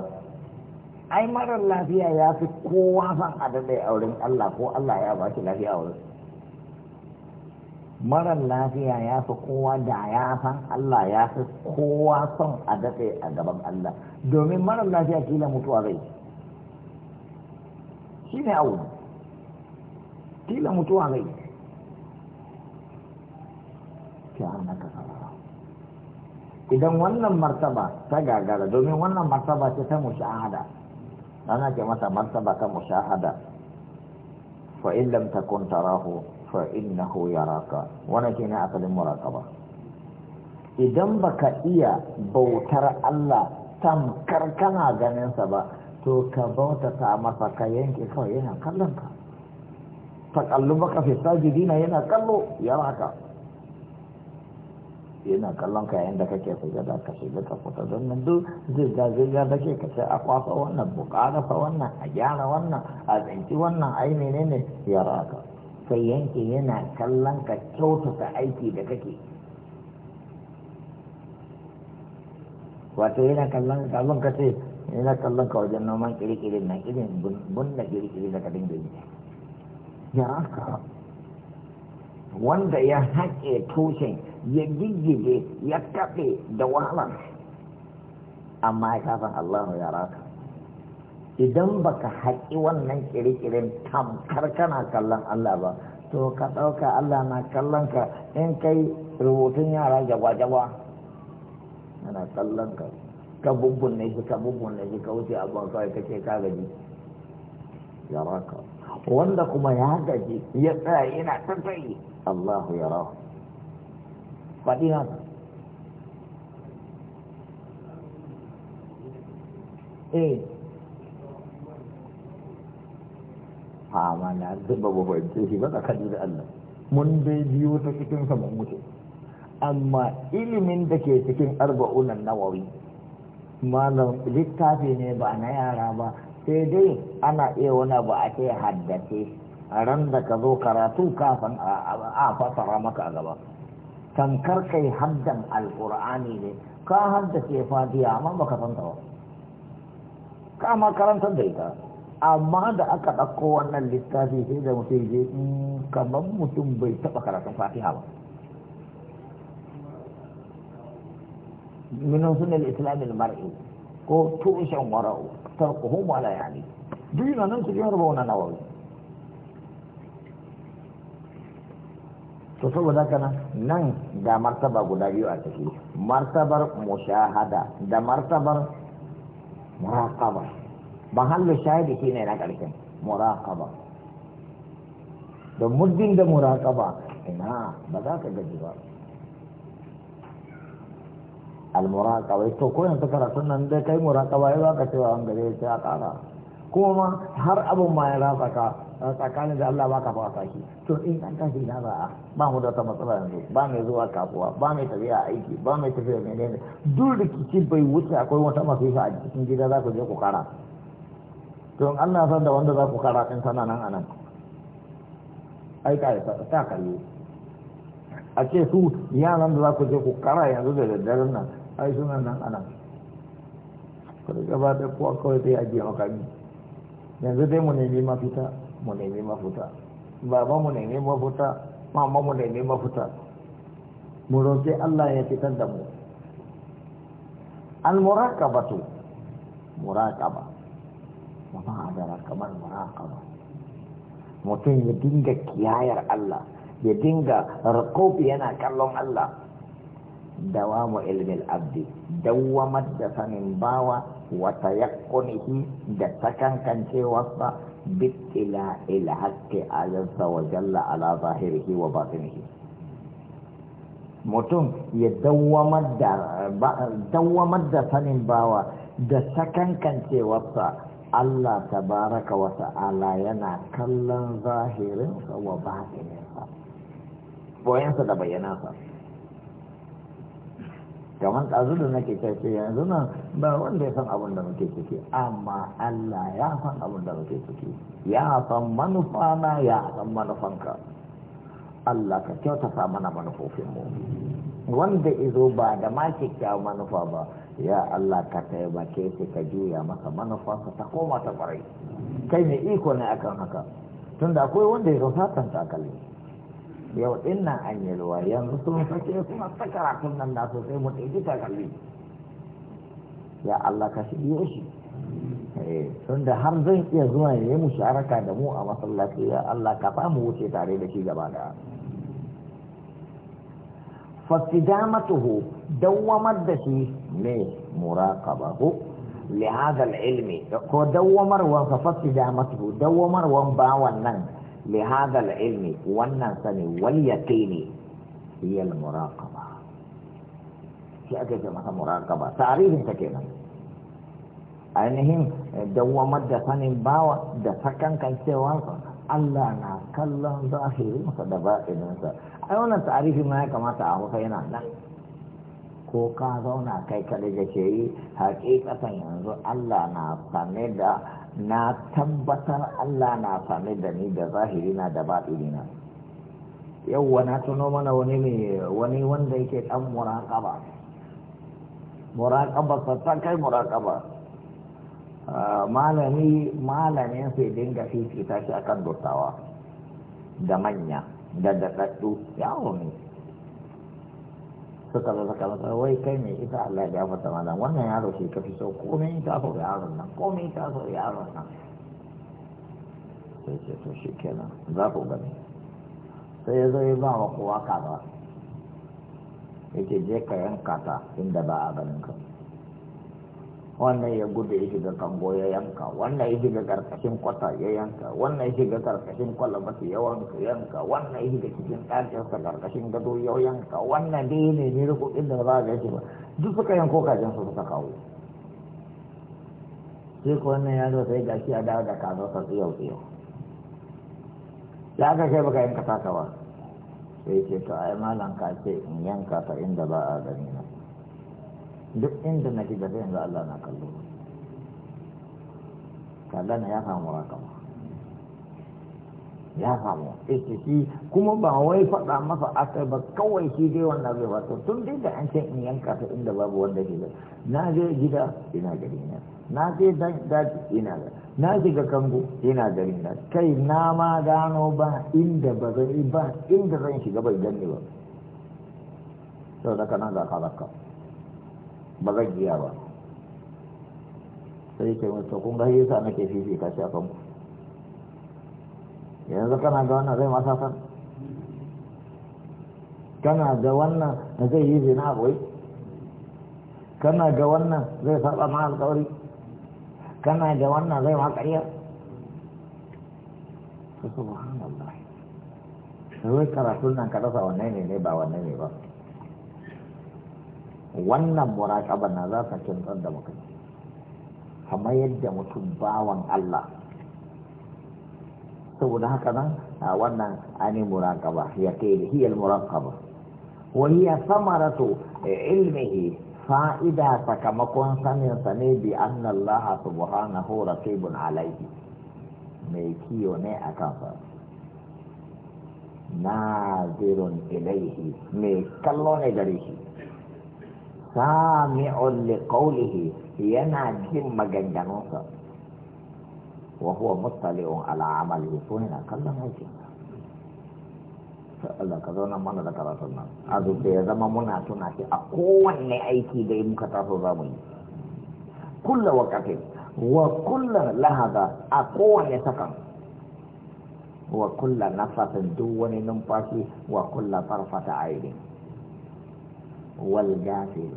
ai mara lafiya ya fi kowa san a daɗa a wurin Allah ko Allah ya ba shi lafiya wurin Marar lafiya ya fi kowa da ya san Allah ya fi kowa san a daɗe a gaban Allah domin mara lafiya kila mutuwa zai shi ne kila mutuwa zai idan wannan martaba ta gagara domin wannan martaba ce ta mushahada ana ce masa martaba ta mushahada fa in lam takun tarahu fa innahu yaraka wannan shine asalin muraqaba idan baka iya bautar Allah tamkar kana ganinsa ba to ka bauta ta masa ka yanke kawai yana kallon ka takallubaka fi sajidina yana kallo ya haka yana kallon ka yayin da kake sujada ka shiga ka fita don nan duk zirga zirga da ke kace a kwasa wannan bukara fa wannan a gyara wannan a zanci wannan ai menene ya raka sai yanke yana kallon ka kyautata aiki da kake wato yana kallon kallon ka ce yana kallon ka wajen noman kirkirin na irin bunda kirkirin da ka dinga yi ya rasa wanda ya haƙe tushen ya giggige ya taɓe da wahalar amma ya kafin Allah ya raka idan baka haƙi wannan ƙirƙirin tamkar kana kallon Allah ba to ka ɗauka Allah na kallon ka in kai rubutun yara jagwa-jagwa yana kallon ka ka bubbunne shi ka bubbunne shi ka wuce abuwa kawai kake ka gaji ya raka wanda kuma ya gaji ya tsaya yana tsaye Allahu ya rahu faɗi haka eh ma na zuba ba ce shi ba tsakani da Allah mun dai biyo ta cikin sa mun amma ilimin da ke cikin arba'unan nawawi malam littafi ne ba na yara ba sai dai ana iya wani abu a ce haddace a ran da ka zo karatu kafin a fasara maka a gaba tamkar kai haddan alkur'ani ne ka haddace fadiya amma baka san ta ba ka ma karantar da ita amma da aka ɗauko wannan littafi sai da mutum je hmm, kamar mutum bai taɓa karatun fatiha ba min sunan islamin mar'i ko tushen wara'u tarkuhum wala yani duk yana nan cikin rubuwan nawawi to saboda kana nan da martaba guda biyu a ciki martabar mushahada da martabar muraqaba mahallu shahidi shine na karshen muraqaba da muddin da muraqaba ina ba za ka gaji ba almuraqaba to ko yanzu karatun nan dai kai muraqaba ai ka cewa an gare shi a kara kuma har abin ma ya rasa ka tsakanin da Allah baka fata saki to in an tashi na ba ba mu da ta matsala yanzu ba mai zuwa kafuwa ba mai tafiya aiki ba mai tafiya menene duk kici bai wuce akwai wata masifa a cikin gida za ku je ku kara to in Allah san da wanda za ku kara din sana nan anan ai ka ta kalli a ce su yaran da za ku je ku kara yanzu da daddaren nan ai suna nan anan kudu gaba da kuwa kawai sai a je makami yanzu dai mu nemi mafita mu nemi mafuta baba mu nemi mafuta mama mu nemi mafuta mu roƙi Allah ya fitar da mu al-muraqabatu muraqaba mama adara kamar muraqaba mutum ya dinga kiyayar Allah ya dinga rakobi yana kallon Allah dawamu ilmin abdi dawamar da sanin bawa wata yakunihi da takankancewarsa bitila ila haske ayansa wa jalla ala zahirihi wa batinihi mutum ya dawamar da sanin bawa da takankancewarsa Allah tabaraka wa ta'ala yana kallon zahirinsa wa batininsa boyansa da sa. kamar ɗazu da nake kai yanzu nan ba wanda ya san abin da muke ciki amma Allah ya san abin da muke ciki ya san manufana ya san manufanka Allah ka kyautata mana manufofinmu wanda izo ba da ma kyakkyawa manufa ba ya Allah ka taimake shi ka juya masa ka ta koma ta kwarai kai ne iko ne akan haka tunda akwai wanda ya zo satan takalmi yau din nan an yi ruwa yanzu sun sake kuma ta karatun nan da sosai mu ɗauki ta kalli ya Allah ka eh, shirye shi tun da har zan iya zuwa ya yi musharaka da mu a masallaci ya Allah ka fa mu wuce tare da shi gaba da فاستدامته دومت دشي ليه مراقبه لهذا العلم كو دومر وان فاستدامته دومر وان باوان نن لهذا العلم والنسن واليقين هي المراقبة shi ake ce masa muraƙaba tarihin ta kenan ainihin dawamar da sanin bawa da sakankan cewa Allah na kallon zahirinsa da ba'ininsa a wannan tarihi ma ya kamata a hausa yana nan ko ka zauna kai kada da ke yi hakikatan yanzu Allah na sane da na tabbatar Allah na sami da ni da zahiri na da baɗi na yau na tuno mana wani ne wani wanda yake ɗan muraƙaba muraƙaba sassan kai muraƙaba ah, malami malamin sai dinga fifita shi akan dottawa da manya da daɗaɗɗu yawon ne suka zo suka zo wai kai ne ita Allah ya mata malam wannan yaro shi ka fi so komai ta so yaron nan komai ta so yaron nan sai ce to shi kenan za ku gani sai ya zo ya ba wa kowa kaza yake je ka yanka ta inda ba a ganin ka wannan ya gudu ya shiga kango ya yanka wannan ya shiga karkashin kwata ya yanka wannan ya shiga karkashin kwalabati ya wanka yanka wannan ya shiga cikin ɗakinsa karkashin gado ya yanka wannan dai ne ne rikokin da ba za a ba duk suka yanko kajin su suka kawo sai ko wannan ya zo sai gashi a dawo da kazo sa tsiyau tsiyau ya ga kai baka yanka ta ba sai ce to ai malam ka ce in yanka ta inda ba a gani na duk inda na gida zai yanzu Allah na kallo kalla na ya samu rakama ya samu ita eh, eh, shi kuma ba wai faɗa masa aka ba kawai shi dai wannan zai wato tun dai da an ce in yanka ta inda babu wanda ke na je gida ina gari na na je daji ina gari na shiga kango ina gari na kai na ma gano ba inda ba zai ba inda zan shiga bai gani ba sau da kana ka zaka ba zan iya ba sai ke mutu kun ga yasa nake fifita shi a kanku yanzu kana ga wannan zai masa san kana ga wannan zai yi zina a boye kana ga wannan zai saba ma alƙawari kana ga wannan zai ma ƙarya subhanallah sai karatun nan ka rasa wannan ne ne ba wannan ne ba wannan muraƙaba na za ka kintsar da mutum kamar yadda mutum bawan Allah saboda haka nan a wannan ainihin muraƙaba ya kai da hiyar muraƙaba wani ya samaratu ilmihi fa'ida sakamakon saninsa ne bi annallaha subhanahu raqibun alaihi mai kiyo ne a kansa nazirun ilaihi mai kallo ne gare shi sami'un li qawlihi yana jin maganganunsa wa huwa mutali'un ala amalihi to yana kallon aikin Allah ka zauna mana da karatun nan da ya zama muna tuna shi a kowanne aiki da yi muka taso za mu yi kulla wakatin wa kulla lahaza a kowanne sakan wa kulla nafasin duk wani numfashi wa kulla farfata ainihin والغافل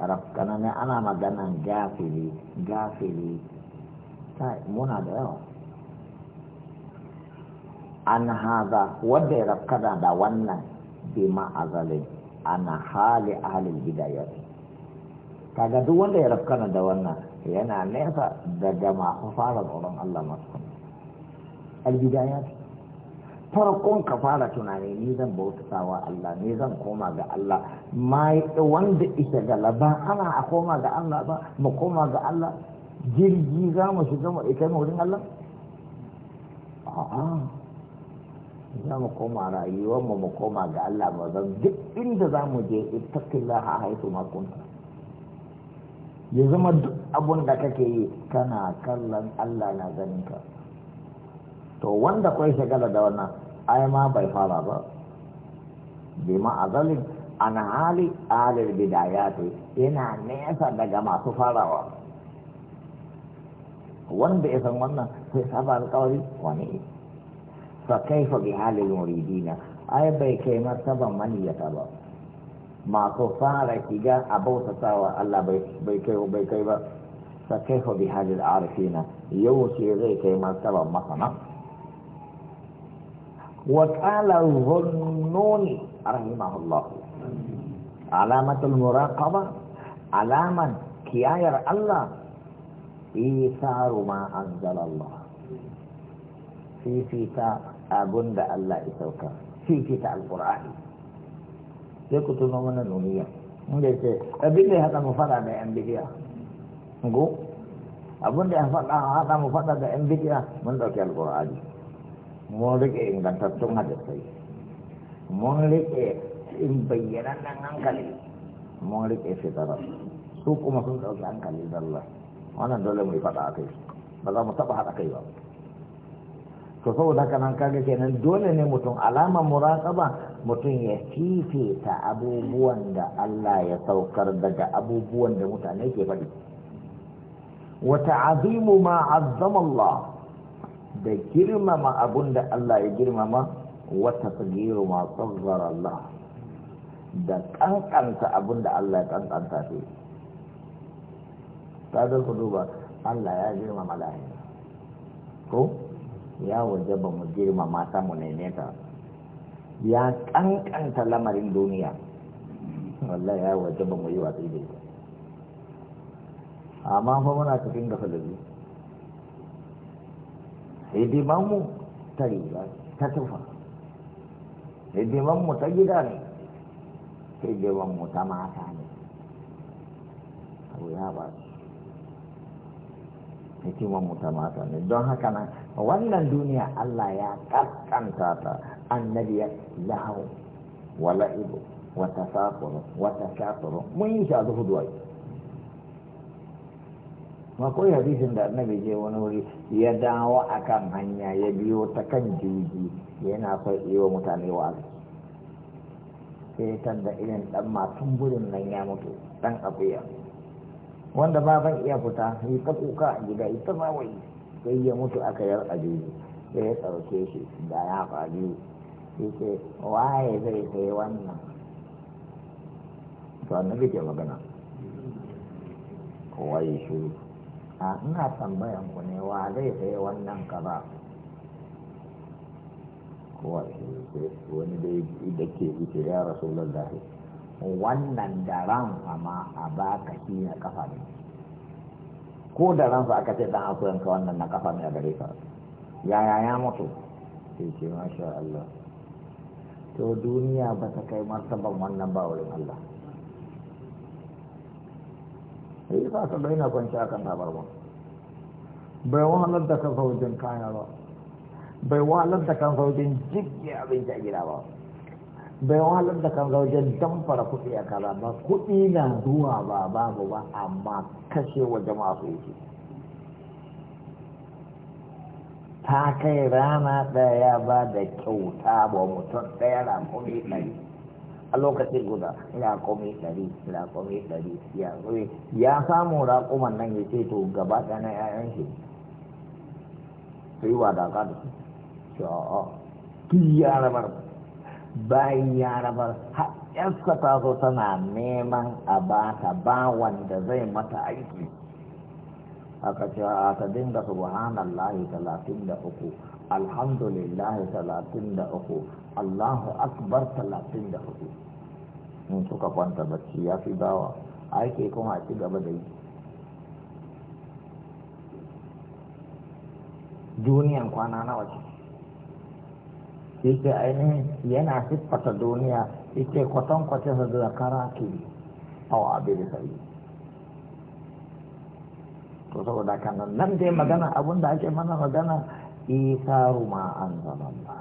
رب كان انا انا ما دانا غافل غافل طيب منا ده ان هذا ود رب كان دا وانا بما ازل انا حال اهل البدايات kaga duk wanda ya rafkana da wannan yana nesa daga ma fara tsoron Allah masu kuma albidayati farkon ka fara tunani ni zan bautata wa Allah ni zan koma ga Allah ma wanda isa ga laba ana a koma ga Allah ba mu koma ga Allah jirgi za mu shiga mu kai mu wurin Allah a'a za mu koma rayuwar mu mu koma ga Allah ba zan duk inda za mu je ittaqillaha haitu ma kunta ya zama duk abun da kake yi kana kallon Allah na ganin ka to wanda kwai shagala da wannan ai ma bai fara ba bima azalin an hali alil bidayati yana nesa daga masu farawa wanda ya san wannan sai saba alƙawari wani fa kaifa bi halil muridina ai bai kai martaban maniyata ba masu fara kiga a bautatawa Allah bai kai bai kai ba fa kaifa bi halil arifina yau ce zai kai martaban masana wa ta'ala dhunnun rahimahullah alamatul muraqabah alaman kiyayar Allah isaru ma anzalallah fi fita abun da Allah ya sauka fi fita alqur'ani sai ku tuno mana duniya inda ce abin da haɗa mu fada da yan bidiya go abin da ya haɗa mu fada da yan bidiya mun ɗauki alqur'ani mun rike ingantattun hadisai mun rike in bayyanannen hankali mun rike fitara su kuma sun ɗauki hankali zalla wannan dole mu yi faɗa a kai ba za mu taɓa haɗa kai ba to saboda haka nan kaga kenan dole ne mutum alamar muraƙaba mutum ya fifita abubuwan da Allah ya saukar daga abubuwan da mutane ke faɗi wa ta'azimu ma azzama da girmama abun da Allah ya girmama wata tsagiru masu Allah da kankanta abun da Allah ya kankanta shi ta ku duba Allah ya girmama lahi ko ya waje ba mu girmama ta mu neme ta ya kankanta lamarin duniya wallahi ya waje ba mu yi watsi da ita amma fa muna cikin gafalabi mu ta riga ta tufa mu ta gida ne mu ta mata ne abu ya ba mu ta mata ne don haka nan wannan duniya Allah ya kaskanta ta annabi ya lahau wala ibu wata safuru wata shafuru mun yi shi a zuhudu akwai hadisin da annabi je wani wuri ya dawo a kan hanya ya biyo ta kan jirgi yana kai iya wa mutane sai da irin dan matun gudun nan ya mutu dan abuya wanda ba zan iya fita yi ta kuka a gida ita ma wai sai ya mutu aka yar a jirgi sai ya tsarke shi da ya faru sai ce waye zai sai wannan to annabi ke magana kawai shi a ina tambayan ku ne wa zai sai wannan kaza kowa wani da ke wuce ya rasu lallahi wannan da ran fama a ka shi na kafa ne ko da su aka ce dan akuyan yanka wannan na kafa ne a gare ka yaya ya mutu ke ce masha Allah to duniya ba ta kai martaban wannan ba wurin Allah sai yi sa bai na kwanci akan ba bai wahalar da kan wajen kaya ba bai wahalar da kan wajen jibge abinci a gida ba bai wahalar da kansa wajen damfara kuɗi a kala ba kuɗi na zuwa ba babu ba amma kashe wa jama'a su yake ta kai rana ɗaya ba da kyauta wa mutum ɗaya ramuni ɗari a lokacin guda ina komai ɗari komai ɗari ya zoye ya samu raƙuman nan ya ce to gaba ɗana na shi sai daga da su sha'a ki ya rabar bayan ya rabar yarsa ta zo tana neman a ba ta ba wanda zai mata aiki aka cewa a ta dinga subhanallahi talatin da uku alhamdulillah talatin da uku allahu akbar talatin da uku in suka kwanta bacci ya fi bawa aiki kuma a ci gaba da yi duniyan kwana nawa ce yake ainihin yana siffata duniya yake kwace sa da kara ke awa abin da sai to saboda kanan nan dai magana abin da ake mana magana isaru ma an zama ba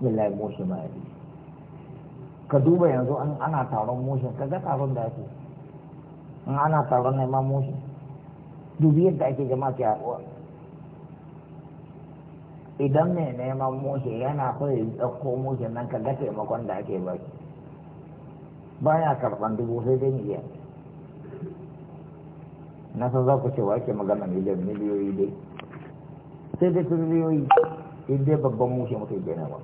Billahi Moshe ma yabi. Ka duba yanzu an ana taron Moshe, ka ga taron da ake. In ana taron na ma Moshe. Dubi yadda ake jama'a ke haɗuwa. idan mai neman mushe yana so ya ɗauko mushe nan ka ga taimakon da ake ba shi baya karɓan dubu sai dai miliya na san za ku ce wa ake magana miliyan miliyoyi dai sai dai miliyoyi in dai babban mushe mutum ke ba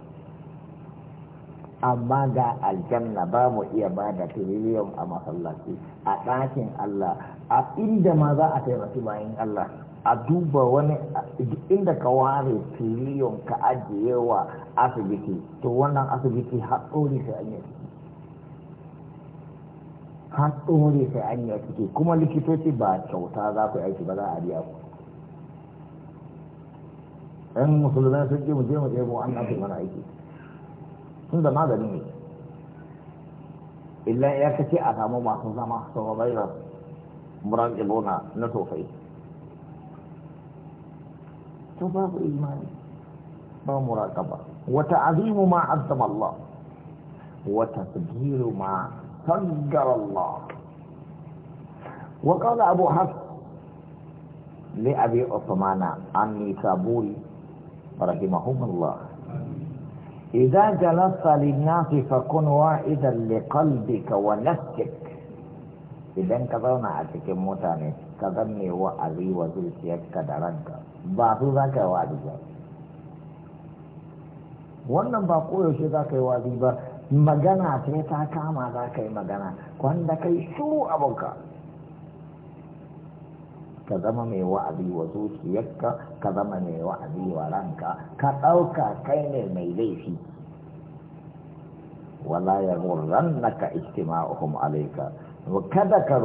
amma ga aljanna ba mu iya ba da tiriliyon a masallaci a ɗakin Allah a inda ma za a taimaki bayan Allah a duba wani inda ka ware tiliyon ka ajiye wa asibiti to wannan asibiti haɗori sai an yi haɗori sai an yi ciki kuma likitoci ba kyauta za ku aiki ba za a biya ku ɗan musulmai sun ce mu je mu ɗebo an nafi mana aiki sun da magani ne illa ya kace a samu masu zama sau virus muran ibona na tofai اقتضاه إيماني ما مراقبة وتعظيم ما عظم الله وتقدير ما قدر الله وقال أبو حفص لأبي عثمان عني كابول رحمه الله إذا جلست للناس فكن واعدا لقلبك ونفسك إذا انكذا نعتك متاني كذا مي وأبي وزلت يكذا رجل ba su za ka yi ba wannan ba koyaushe za ka yi wa'azi ba magana sai ta kama za ka yi magana wanda ka yi shuru abinka ka zama mai wa'azi wa zuciyarka ka zama mai wa'azi wa ranka ka ɗauka kai ne mai laifi wala ya gurran na ka istima'uhum alaika kada ka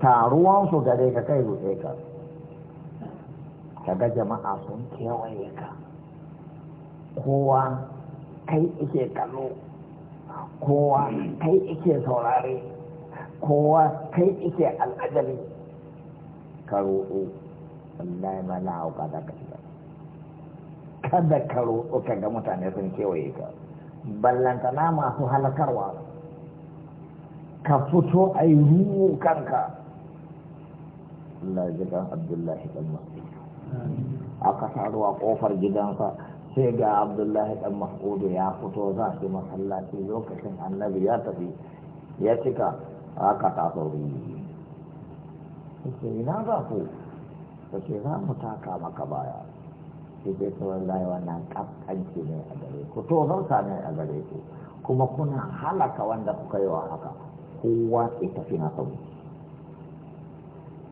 taruwansu gare ka kai ruɗe ka kaga jama'a sun kewaye ka kowa kai ike kallo kowa kai ike saurare kowa kai ike al'ajabi ka roƙo wallahi ma na hauka za ka shiga kada ka roƙo ka ga mutane sun kewaye ka ballantana masu halakarwa ka fito a yi ruwo kanka Allah ya ji abdullahi ɗan masu aka taru ƙofar kofar gidansa sai ga abdullahi dan mas'udu ya fito za su masallaci lokacin annabi ya tafi ya cika aka taso biyu ce ina za ku ta za mu taka maka baya sai dai sauran layi wannan kaskanci ne a gare ku to zauta ne a gare ku kuma kuna halaka wanda kuka yi wa haka kowa ke tafi na sauki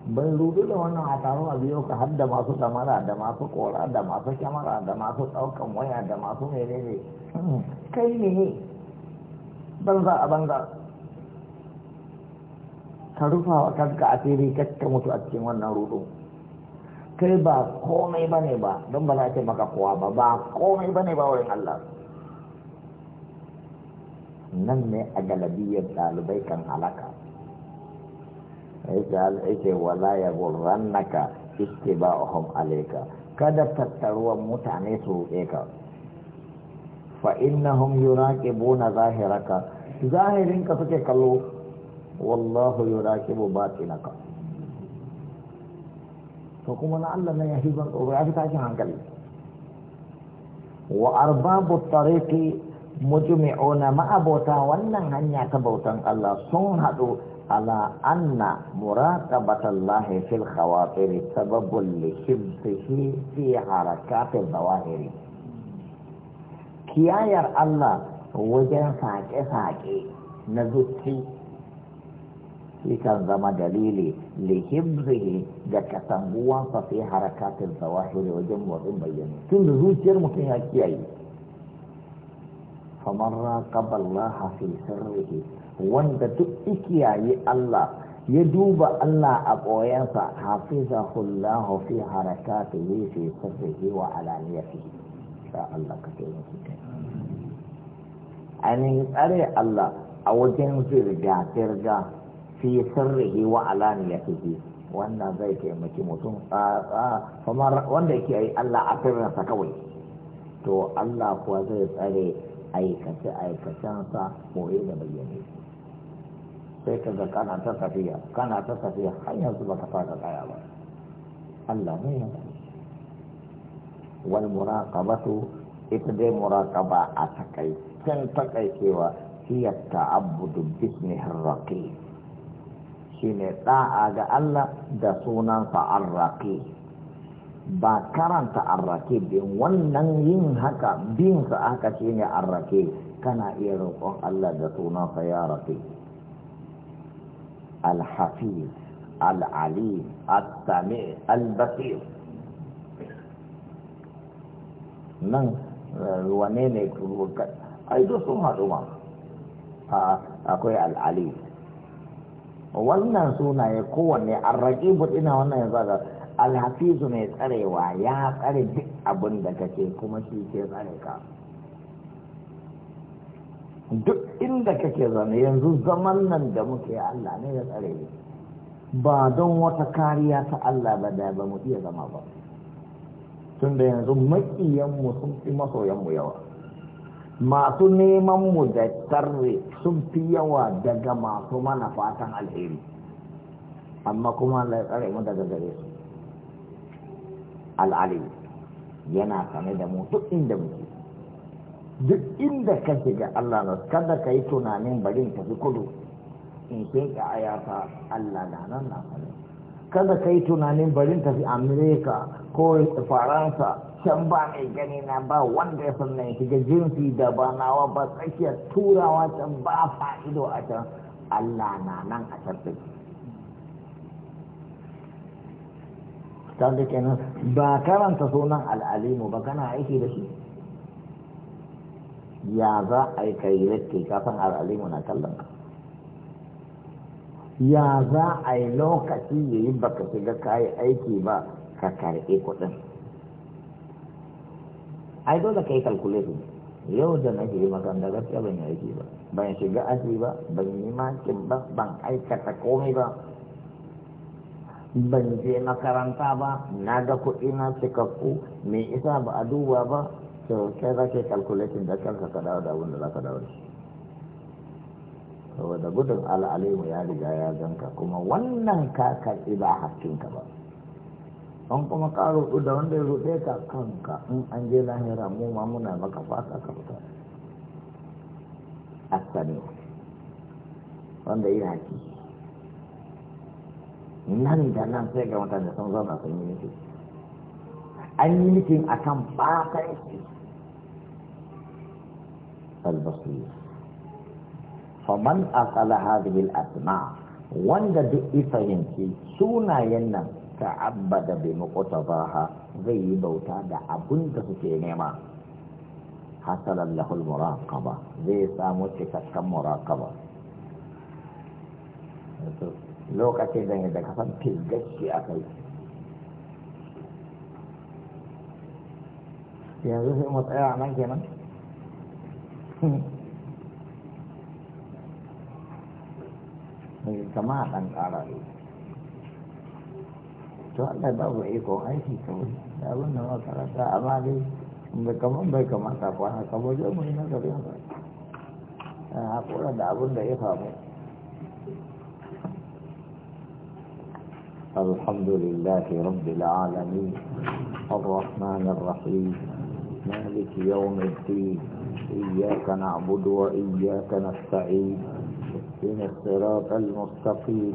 bai rudu da wannan a taron a biyo ka har da masu damara da masu kora da masu kyamara da masu ɗaukan waya da masu menene kai ne banza a banza ka rufa wa kanka asiri kakka mutu a cikin wannan rudu kai ba komai ba ne ba don ba za ce maka kowa ba ba komai ba ne ba wurin Allah nan ne a galabiyar ɗalibai kan halaka yake wala ya gurrannaka ittiba'uhum alayka kada tattaruwan mutane su roƙe ka fa innahum yuraqibuna zahiraka zahirin ka suke kallo wallahu yuraqibu ka" Ka kuma na Allah na ya ban tsoro ya fi tashin hankali wa ke tariqi mujmi'una ma'abota wannan hanya ta bautan Allah sun haɗu على أن مراقبة الله في الخواطر سبب لحفظه في حركات الظواهر كياير الله وجن ساكي ساكي نزكي yakan zama dalili lihibzihi da katanguwansa fi harakatin zawahiri wajen motsin bayyana tun da zuciyar mutum ya kiyaye famar raqaba Allah wanda duk ikiyayi Allah ya duba Allah a ƙoyensa hafizahullahu fi harakatihi fi sirrihi wa alaniyatihi sha Allah ka taimake ka ainihin tsare Allah a wajen zirga zirga fi sirrihi wa alaniyatihi wannan zai taimaki mutum kuma wanda yake yi Allah a sirrinsa kawai to Allah kuwa zai tsare aikace aikacensa koyi da bayyane sai ka ga kana ta tafiya kana ta tafiya har yanzu baka fara tsaya ba Allah ne ya wal muraqabatu ita dai muraqaba a takai, kan cewa takaikewa hiya ta'abbudu bismihi raqi shine da'a ga Allah da sunan sa arraqi ba karanta arraqi din wannan yin haka bin sa haka shine arraqi kana iya roƙon Allah da sunan sa ya raqi الحفيظ العليم السميع البصير nan wane ne ai duk sun haɗu ma akwai al'ali wannan sunaye kowanne an raƙi ina wannan ya zaga alhafizu mai tsarewa ya tsare duk abin da kake kuma shi ke tsare ka duk inda kake zane yanzu zaman nan da muke Allah ne ya tsare ne ba don wata kariya ta Allah ba da ba mu iya zama ba tun da yanzu maƙiyanmu sun fi masoyanmu yawa masu neman mu da tarre sun fi yawa daga masu mana fatan alheri amma kuma Allah ya tsare mu daga gare su al'ali yana sane da mu duk inda muke duk inda ka shiga Allah na kada ka yi tunanin barin tafi kudu in sai ka ayata Allah na nan na fara kada ka yi tunanin barin tafi Amerika ko Faransa can ba mai gani na ba wanda ya san nan shiga jinsi da ba nawa ba tsakiyar turawa can ba fa'ido a can Allah na nan a can ta da kenan ba karanta sunan al'alimu ba kana aiki da shi ya za a yi kai latti kafin al'alimu na kallon ka ya za a yi lokaci ya yi baka shiga kayi aiki ba ka karɓe kuɗin ai dole ka yi calculation yau da nake yi makan da gaske ban yi aiki ba ban shiga aji ba ban yi makin ba ban aikata komai ba ban je makaranta ba na ga kuɗi na cikakku me isa ba a duba ba to kai za ka yi calculating da kanka ka dawo da wanda da za ka dawo shi saboda gudun al'alimu ya riga ya ganka kuma wannan ka karɓi ba hakkinka ba an kuma ka rudu da wanda ya ruɗe ka kanka in an je lahira mu ma muna maka fata ka fita asani wanda yi haki nan da nan sai ga mutane sun zauna sun yi nufi an yi nufin akan fatan shi al-basri faman aqala hadhihi al wanda duk ifayinci sunayen nan bai bi muqtabaha zai yi bauta da abun da suke nema hasalan lahu al-muraqaba zai samu cikakken muraqaba lokacin da yadda ka san tilgashi a kai yanzu sai mu tsaya nan kenan mai kama a ɗan ƙara to Allah babu ikon aiki kawai da abin da makaranta amma dai bai kamar bai kamata kwana kamar zai mu yi nazarin ba a haƙura da abin da ya faru الحمد لله رب العالمين الرحمن الرحيم مالك يوم الدين إياك نعبد وإياك نستعين إن الصراط المستقيم